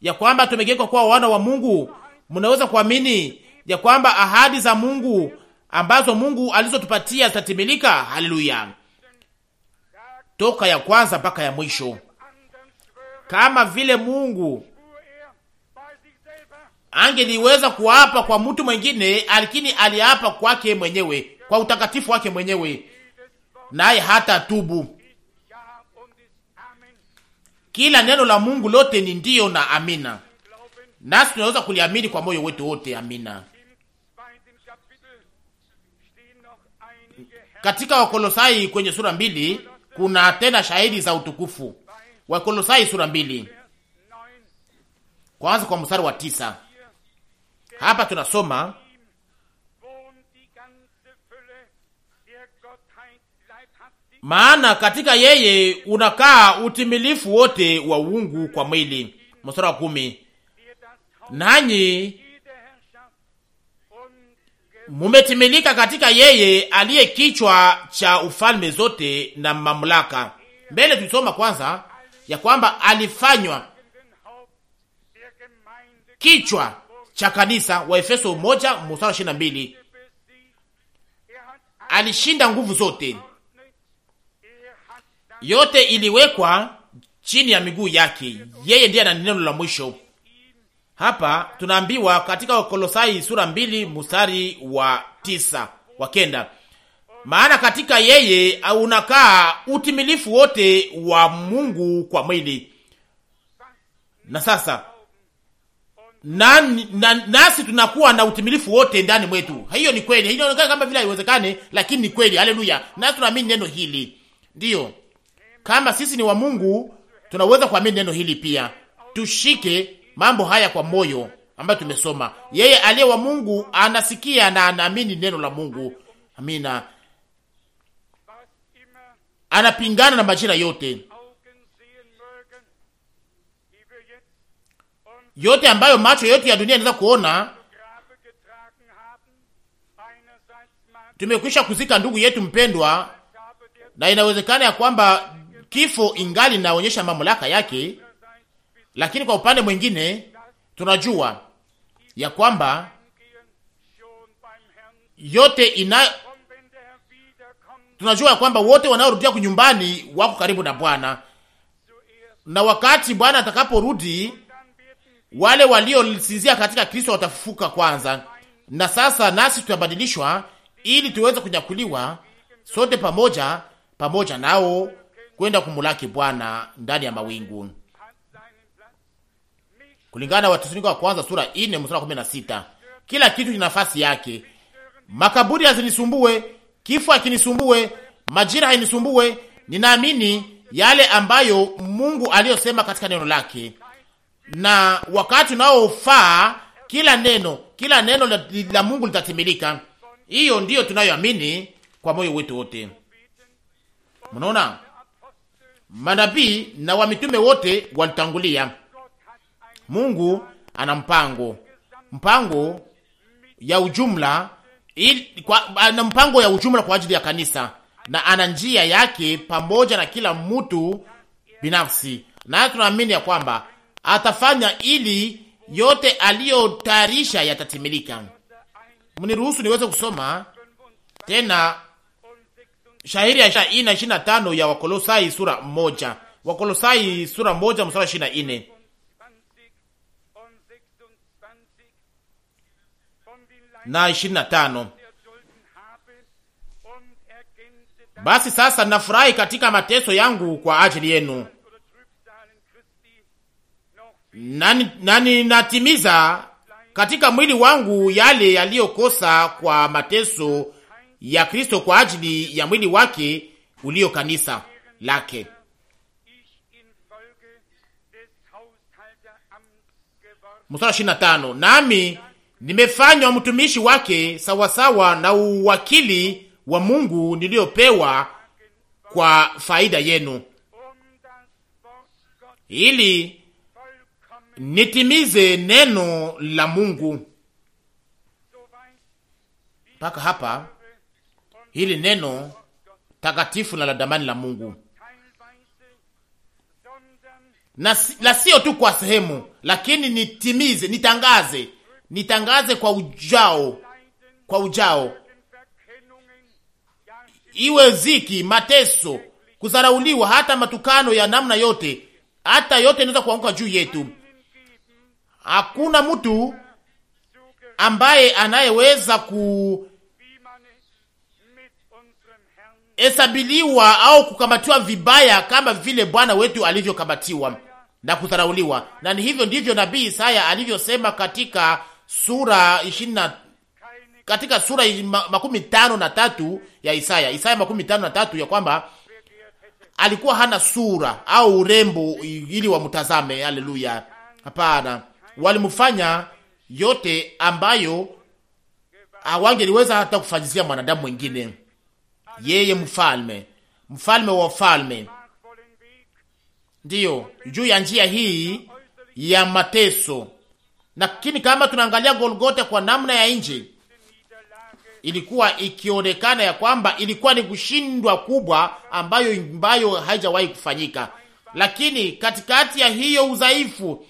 ya kwamba tumegeuka kuwa wana wa Mungu? Munaweza kuamini ya kwamba ahadi za Mungu ambazo Mungu alizotupatia zitatimilika. Haleluya! toka ya kwanza mpaka ya mwisho, kama vile Mungu angeliweza kuapa kwa mtu mwingine, lakini aliapa kwake mwenyewe kwa utakatifu wake mwenyewe, naye hata tubu. Kila neno la Mungu lote ni ndiyo na amina, nasi tunaweza kuliamini kwa moyo wetu wote. Amina. Katika Wakolosai kwenye sura mbili kuna tena shahidi za utukufu. Wakolosai sura mbili kwanza kwa mstari wa tisa hapa tunasoma maana katika yeye unakaa utimilifu wote wa uungu kwa mwili. Mstari wa kumi nanyi mumetimilika katika yeye aliye kichwa cha ufalme zote na mamlaka. Mbele tulisoma kwanza ya kwamba alifanywa kichwa cha kanisa wa Efeso moja mstari ishirini na mbili. Alishinda nguvu zote, yote iliwekwa chini ya miguu yake. Yeye ndiye ana neno la mwisho. Hapa tunaambiwa katika Wakolosai sura mbili mstari wa tisa wa kenda, maana katika yeye unakaa utimilifu wote wa Mungu kwa mwili. Na sasa na, na, nasi tunakuwa na utimilifu wote ndani mwetu. Hiyo ni kweli, inaonekana kama vile haiwezekane, lakini ni kweli. Haleluya! Nasi tunaamini neno hili, ndiyo. Kama sisi ni wa Mungu, tunaweza kuamini neno hili pia, tushike mambo haya kwa moyo ambayo tumesoma. Yeye aliye wa Mungu anasikia na anaamini neno la Mungu. Amina. Anapingana na majira yote yote ambayo macho yote ya dunia inaweza kuona. Tumekwisha kuzika ndugu yetu mpendwa, na inawezekana ya kwamba kifo ingali inaonyesha mamlaka yake lakini kwa upande mwingine tunajua ya kwamba yote ina tunajua ya kwamba wote wanaorudia kunyumbani wako karibu na Bwana, na wakati Bwana atakaporudi wale waliosinzia katika Kristo watafufuka kwanza, na sasa nasi tutabadilishwa ili tuweze kunyakuliwa sote pamoja pamoja nao kwenda kumulaki Bwana ndani ya mawingu kulingana na Wathesalonike wa kwanza sura 4 mstari 16. Kila kitu kina nafasi yake. Makaburi hazinisumbue, kifo hakinisumbue, majira hainisumbue. Ninaamini yale ambayo Mungu aliyosema katika neno lake, na wakati unaofaa kila neno, kila neno la, la Mungu litatimilika. Hiyo ndiyo tunayoamini kwa moyo wetu wote. Mnaona, manabii na wamitume wote walitangulia Mungu ana mpango, mpango ya ujumla ili, kwa, ana mpango ya ujumla kwa ajili ya kanisa na ana njia yake pamoja na kila mtu binafsi, na tunaamini ya kwamba atafanya ili yote aliyotayarisha yatatimilika. Mniruhusu niweze kusoma tena shahiri ya 24 25 ya Wakolosai sura moja, Wakolosai sura moja mstari 24. na 25. Basi sasa nafurahi katika mateso yangu kwa ajili yenu, na natimiza katika mwili wangu yale yaliyokosa kwa mateso ya Kristo kwa ajili ya mwili wake ulio kanisa lake. Mstari 25 nami nimefanywa mtumishi wake sawasawa na uwakili wa Mungu niliyopewa kwa faida yenu, ili nitimize neno la Mungu. Mpaka hapa, hili neno takatifu na la damani la Mungu na la sio tu kwa sehemu, lakini nitimize, nitangaze nitangaze kwa ujao, kwa ujao, iwe ziki, mateso, kuzarauliwa, hata matukano ya namna yote, hata yote inaweza kuanguka juu yetu. Hakuna mtu ambaye anayeweza kuhesabiliwa au kukamatiwa vibaya kama vile Bwana wetu alivyokamatiwa na kudharauliwa. Na ni hivyo ndivyo nabii Isaya alivyosema katika sura ishirini katika sura makumi tano na tatu ya Isaya, Isaya makumi tano na tatu ya kwamba alikuwa hana sura au urembo ili wamtazame. Haleluya! Hapana, walimfanya yote ambayo awangeliweza hata kufanyizia mwanadamu mwingine. Yeye mfalme, mfalme wa falme, ndiyo juu ya njia hii ya mateso lakini kama tunaangalia Golgotha kwa namna ya nje, ilikuwa ikionekana ya kwamba ilikuwa ni kushindwa kubwa ambayo ambayo haijawahi kufanyika, lakini katikati ya hiyo udhaifu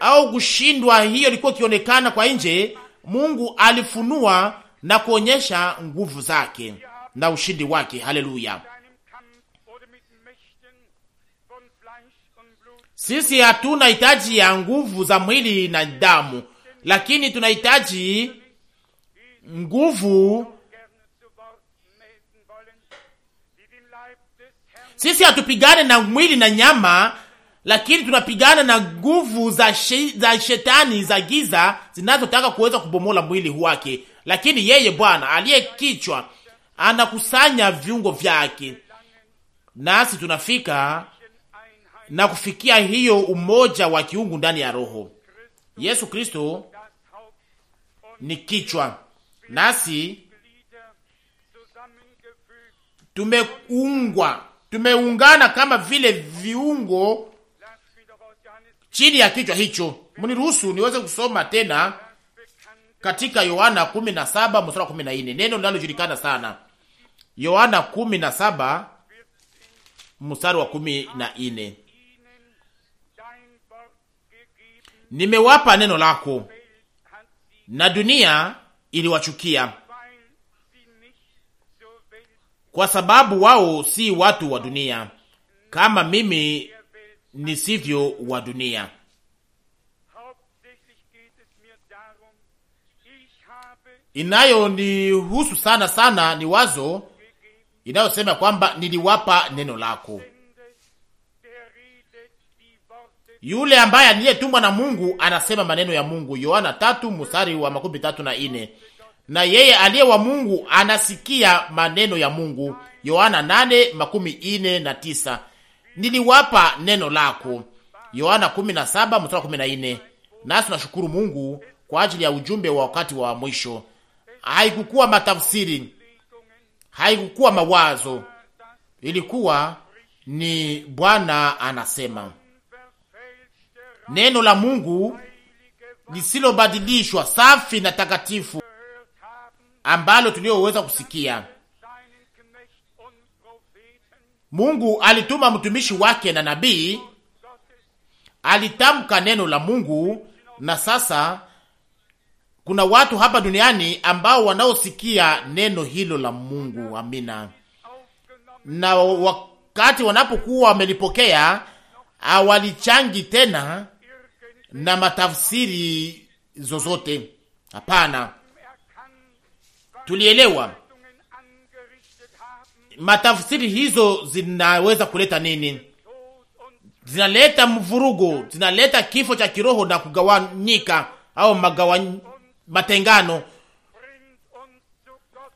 au kushindwa hiyo ilikuwa ikionekana kwa nje, Mungu alifunua na kuonyesha nguvu zake na ushindi wake. Haleluya! Sisi hatuna hitaji ya nguvu za mwili na damu, lakini tunahitaji nguvu. Sisi hatupigane na mwili na nyama, lakini tunapigana na nguvu za, she, za shetani za giza zinazotaka kuweza kubomola mwili wake, lakini yeye Bwana aliye kichwa anakusanya viungo vyake, nasi tunafika na kufikia hiyo umoja wa kiungu ndani ya Roho. Yesu Kristo ni kichwa, nasi tumeungwa, tumeungana kama vile viungo chini ya kichwa hicho. Mniruhusu niweze kusoma tena katika Yohana 17 mstari 14, neno linalojulikana sana. Yohana 17 mstari wa 14. nimewapa neno lako na dunia iliwachukia, kwa sababu wao si watu wa dunia kama mimi nisivyo wa dunia. Inayo sana sana ni wazo inayosema kwamba niliwapa neno lako Yule ambaye aliyetumwa na Mungu anasema maneno ya Mungu, Yohana tatu mstari wa makumi tatu na ine. Na yeye aliye wa Mungu anasikia maneno ya Mungu, Yohana nane makumi ine na tisa. Niliwapa neno lako, Yohana kumi na saba mstari wa kumi na ine. Nasi tunashukuru Mungu kwa ajili ya ujumbe wa wakati wa mwisho. Haikukuwa matafsiri, haikukuwa mawazo, ilikuwa ni Bwana anasema neno la Mungu lisilobadilishwa, safi na takatifu, ambalo tuliyoweza kusikia. Mungu alituma mtumishi wake na nabii, alitamka neno la Mungu, na sasa kuna watu hapa duniani ambao wanaosikia neno hilo la Mungu. Amina. Na wakati wanapokuwa wamelipokea, hawalichangi tena na matafsiri zozote. Hapana, tulielewa matafsiri hizo zinaweza kuleta nini? Zinaleta mvurugo, zinaleta kifo cha kiroho na kugawanyika au magawan... matengano.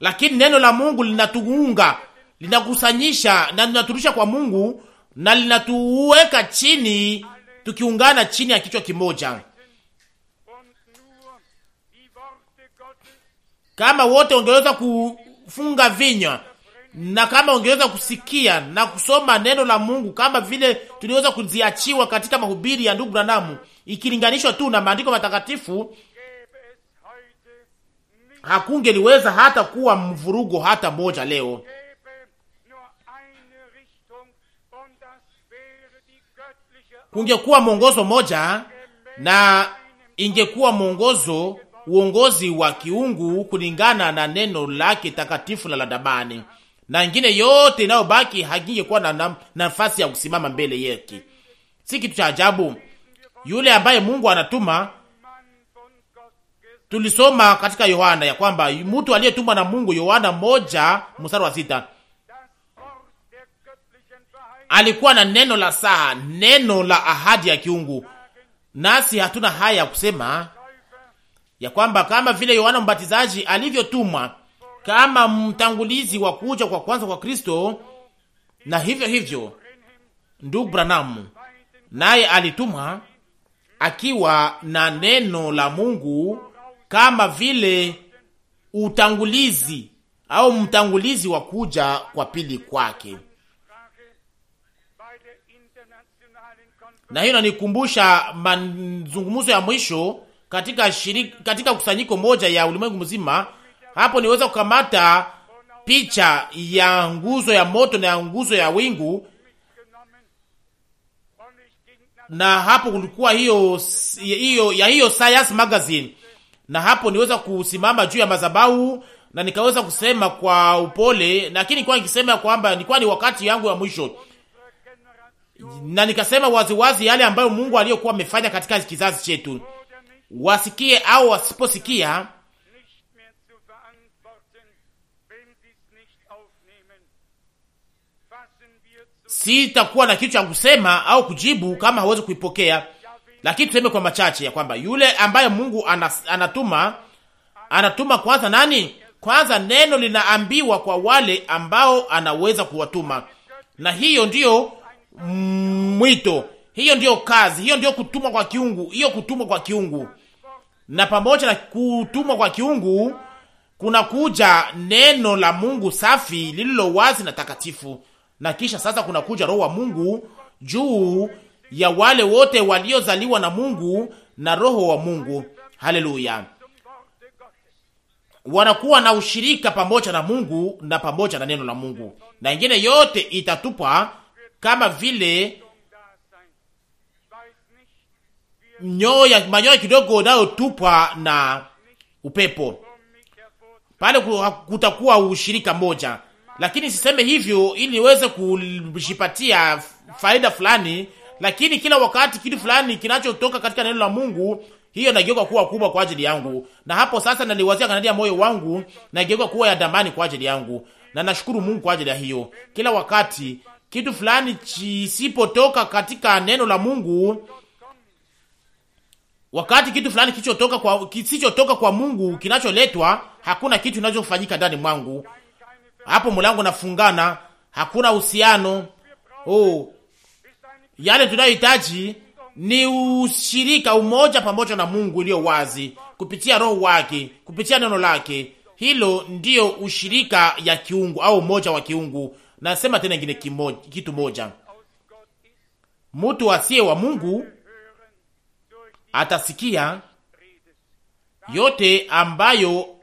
Lakini neno la Mungu linatuunga, linakusanyisha na linaturusha kwa Mungu na linatuweka chini tukiungana chini ya kichwa kimoja, kama wote ungeweza kufunga vinywa na kama ungeweza kusikia na kusoma neno la Mungu kama vile tuliweza kuziachiwa katika mahubiri ya ndugu Branamu, ikilinganishwa tu na maandiko matakatifu, hakungeliweza hata kuwa mvurugo hata moja leo. kungekuwa mwongozo moja na ingekuwa mwongozo uongozi wa kiungu kulingana na neno lake takatifu la ladabani, na ingine yote inayobaki hakingekuwa na nafasi ya kusimama mbele yake. Si kitu cha ajabu yule ambaye Mungu anatuma. Tulisoma katika Yohana ya kwamba mtu aliyetumwa na Mungu, Yohana moja mstari wa sita alikuwa na neno la saa, neno la ahadi ya kiungu. Nasi hatuna haya ya kusema ya kwamba kama vile Yohana Mbatizaji alivyotumwa kama mtangulizi wa kuja kwa kwanza kwa Kristo, na hivyo hivyo ndugu Branham naye alitumwa akiwa na neno la Mungu kama vile utangulizi au mtangulizi wa kuja kwa pili kwake. na hiyo nanikumbusha mazungumzo ya mwisho katika shirik, katika kusanyiko moja ya ulimwengu mzima. Hapo niweza kukamata picha ya nguzo ya moto na ya nguzo ya wingu, na hapo kulikuwa hiyo hiyo ya hiyo Science Magazine, na hapo niweza kusimama juu ya madhabahu na nikaweza kusema kwa upole, lakini nilikuwa nikisema kwamba nilikuwa ni wakati yangu ya mwisho na nikasema waziwazi wazi yale ambayo Mungu aliyokuwa amefanya katika kizazi chetu, wasikie au wasiposikia sitakuwa na kitu cha kusema au kujibu kama hawezi kuipokea. Lakini tuseme kwa machache ya kwamba yule ambaye Mungu anas, anatuma anatuma kwanza nani? Kwanza neno linaambiwa kwa wale ambao anaweza kuwatuma, na hiyo ndiyo mwito. Hiyo ndiyo kazi, hiyo ndiyo kutumwa kwa kiungu, hiyo kutumwa kwa kiungu. Na pamoja na kutumwa kwa kiungu kuna kuja neno la Mungu safi lililo wazi na takatifu, na kisha sasa kuna kuja Roho wa Mungu juu ya wale wote waliozaliwa na Mungu na Roho wa Mungu. Haleluya! wanakuwa na ushirika pamoja na Mungu na pamoja na neno la Mungu, na ingine yote itatupwa kama vile nyoya manyoya kidogo nayotupwa na upepo pale kutakuwa ushirika moja, lakini siseme hivyo ili niweze kujipatia faida fulani, lakini kila wakati kitu fulani kinachotoka katika neno la Mungu hiyo nageuka kuwa kubwa kwa ajili yangu, na hapo sasa naliwazia kanali ya moyo wangu, nageuka kuwa ya damani kwa ajili yangu, na nashukuru Mungu kwa ajili ya hiyo. Kila wakati kitu fulani chisipotoka katika neno la Mungu, wakati kitu fulani kisichotoka kwa, kisichotoka kwa Mungu kinacholetwa, hakuna kitu kinachofanyika ndani mwangu. Hapo mlango nafungana, hakuna uhusiano. Oh, yale tunayohitaji ni ushirika, umoja pamoja na Mungu iliyo wazi kupitia Roho wake, kupitia neno lake. Hilo ndiyo ushirika ya kiungu au umoja wa kiungu Nasema tena ingine kitu moja, mtu asiye wa Mungu atasikia yote ambayo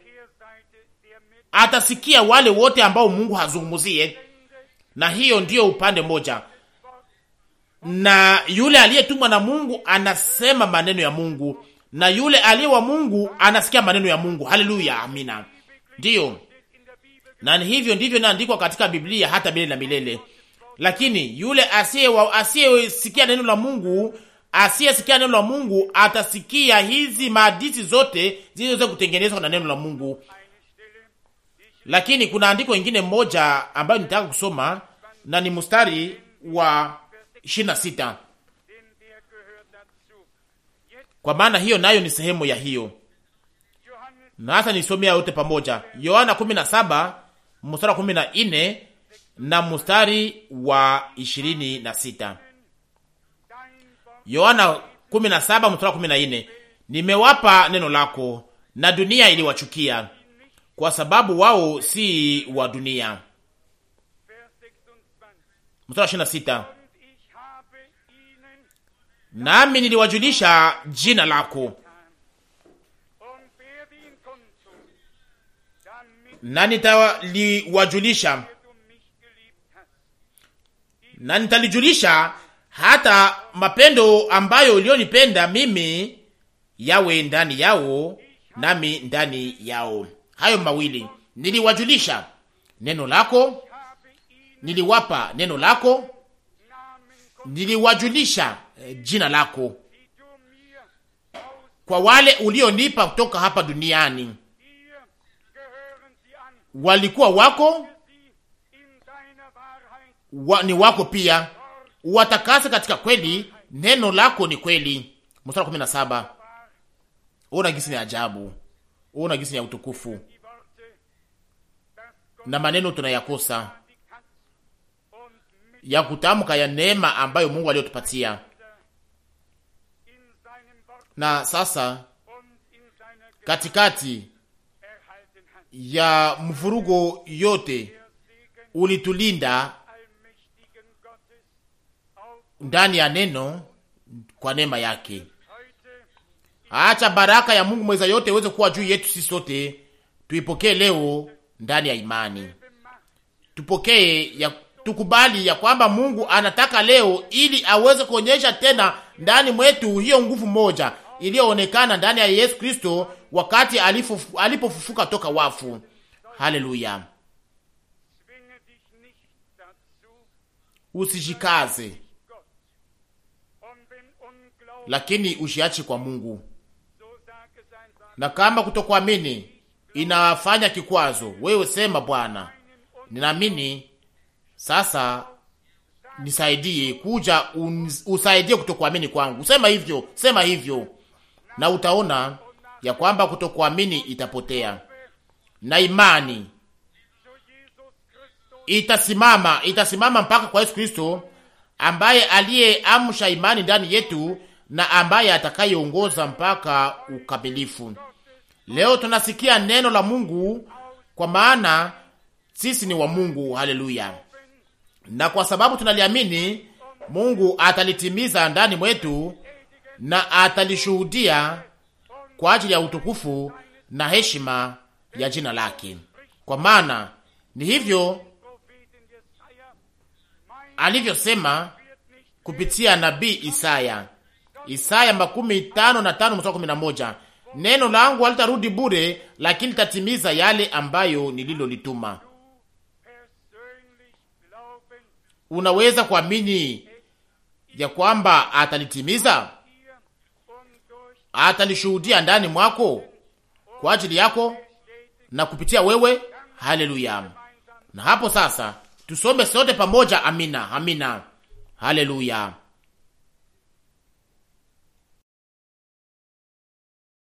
atasikia wale wote ambao Mungu hazungumuzie, na hiyo ndiyo upande moja. Na yule aliyetumwa na Mungu anasema maneno ya Mungu, na yule aliye wa Mungu anasikia maneno ya Mungu. Haleluya, amina, ndiyo na hivyo ndivyo inaandikwa katika Biblia hata milele na milele. Lakini yule asiye asiyesikia neno la Mungu, asiyesikia neno la Mungu atasikia hizi maadisi zote zilizoweza kutengenezwa na neno la Mungu. Lakini kuna andiko lingine moja ambayo nitaka kusoma na ni mstari wa 26. Kwa maana hiyo nayo ni sehemu ya hiyo, na hasa nisomea yote pamoja. Yohana 17 mstari wa kumi na ine na mstari wa ishirini na sita. Yohana kumi na saba mstari wa kumi na ine nimewapa neno lako na dunia iliwachukia kwa sababu wao si wa dunia. Mstari wa ishirini na sita nami niliwajulisha jina lako na nitaliwajulisha na nitalijulisha hata mapendo ambayo ulionipenda mimi yawe ndani yao nami ndani yao. Hayo mawili niliwajulisha neno lako, niliwapa neno lako, niliwajulisha eh, jina lako kwa wale ulionipa kutoka hapa duniani walikuwa wako wa, ni wako pia, watakase katika kweli, neno lako ni kweli. Mstari kumi na saba. Ona gisi ni ajabu, ona gisi ni ya utukufu, na maneno tunayakosa ya kutamka ya neema ambayo Mungu aliyotupatia. Na sasa katikati ya mvurugo yote ulitulinda ndani ya neno kwa neema yake. Acha baraka ya Mungu mweza yote iweze kuwa juu yetu sisi sote, tuipokee leo ndani ya imani. Tupokee ya tukubali ya kwamba Mungu anataka leo, ili aweze kuonyesha tena ndani mwetu hiyo nguvu moja iliyoonekana ndani ya Yesu Kristo wakati alipofufuka toka wafu. Haleluya! Usijikaze, lakini ushiache kwa Mungu. Na kama kutokuamini inafanya kikwazo, wewe sema, Bwana, ninaamini sasa nisaidie kuja un, usaidie kutokuamini kwangu. Sema hivyo, sema hivyo, na utaona ya kwamba kutokuamini itapotea na imani itasimama, itasimama mpaka kwa Yesu Kristo ambaye aliyeamsha imani ndani yetu na ambaye atakayeongoza mpaka ukamilifu. Leo tunasikia neno la Mungu, kwa maana sisi ni wa Mungu. Haleluya! Na kwa sababu tunaliamini, Mungu atalitimiza ndani mwetu na atalishuhudia kwa ajili ya utukufu na heshima ya jina lake, kwa maana ni hivyo alivyosema kupitia nabii Isaya, Isaya makumi tano na tano mstari kumi na moja neno langu halitarudi bure, lakini litatimiza yale ambayo nililolituma. Unaweza kuamini ya kwamba atalitimiza? atanishuhudia ndani mwako kwa ajili yako na kupitia wewe. Haleluya! Na hapo sasa tusome sote pamoja, amina, amina, haleluya.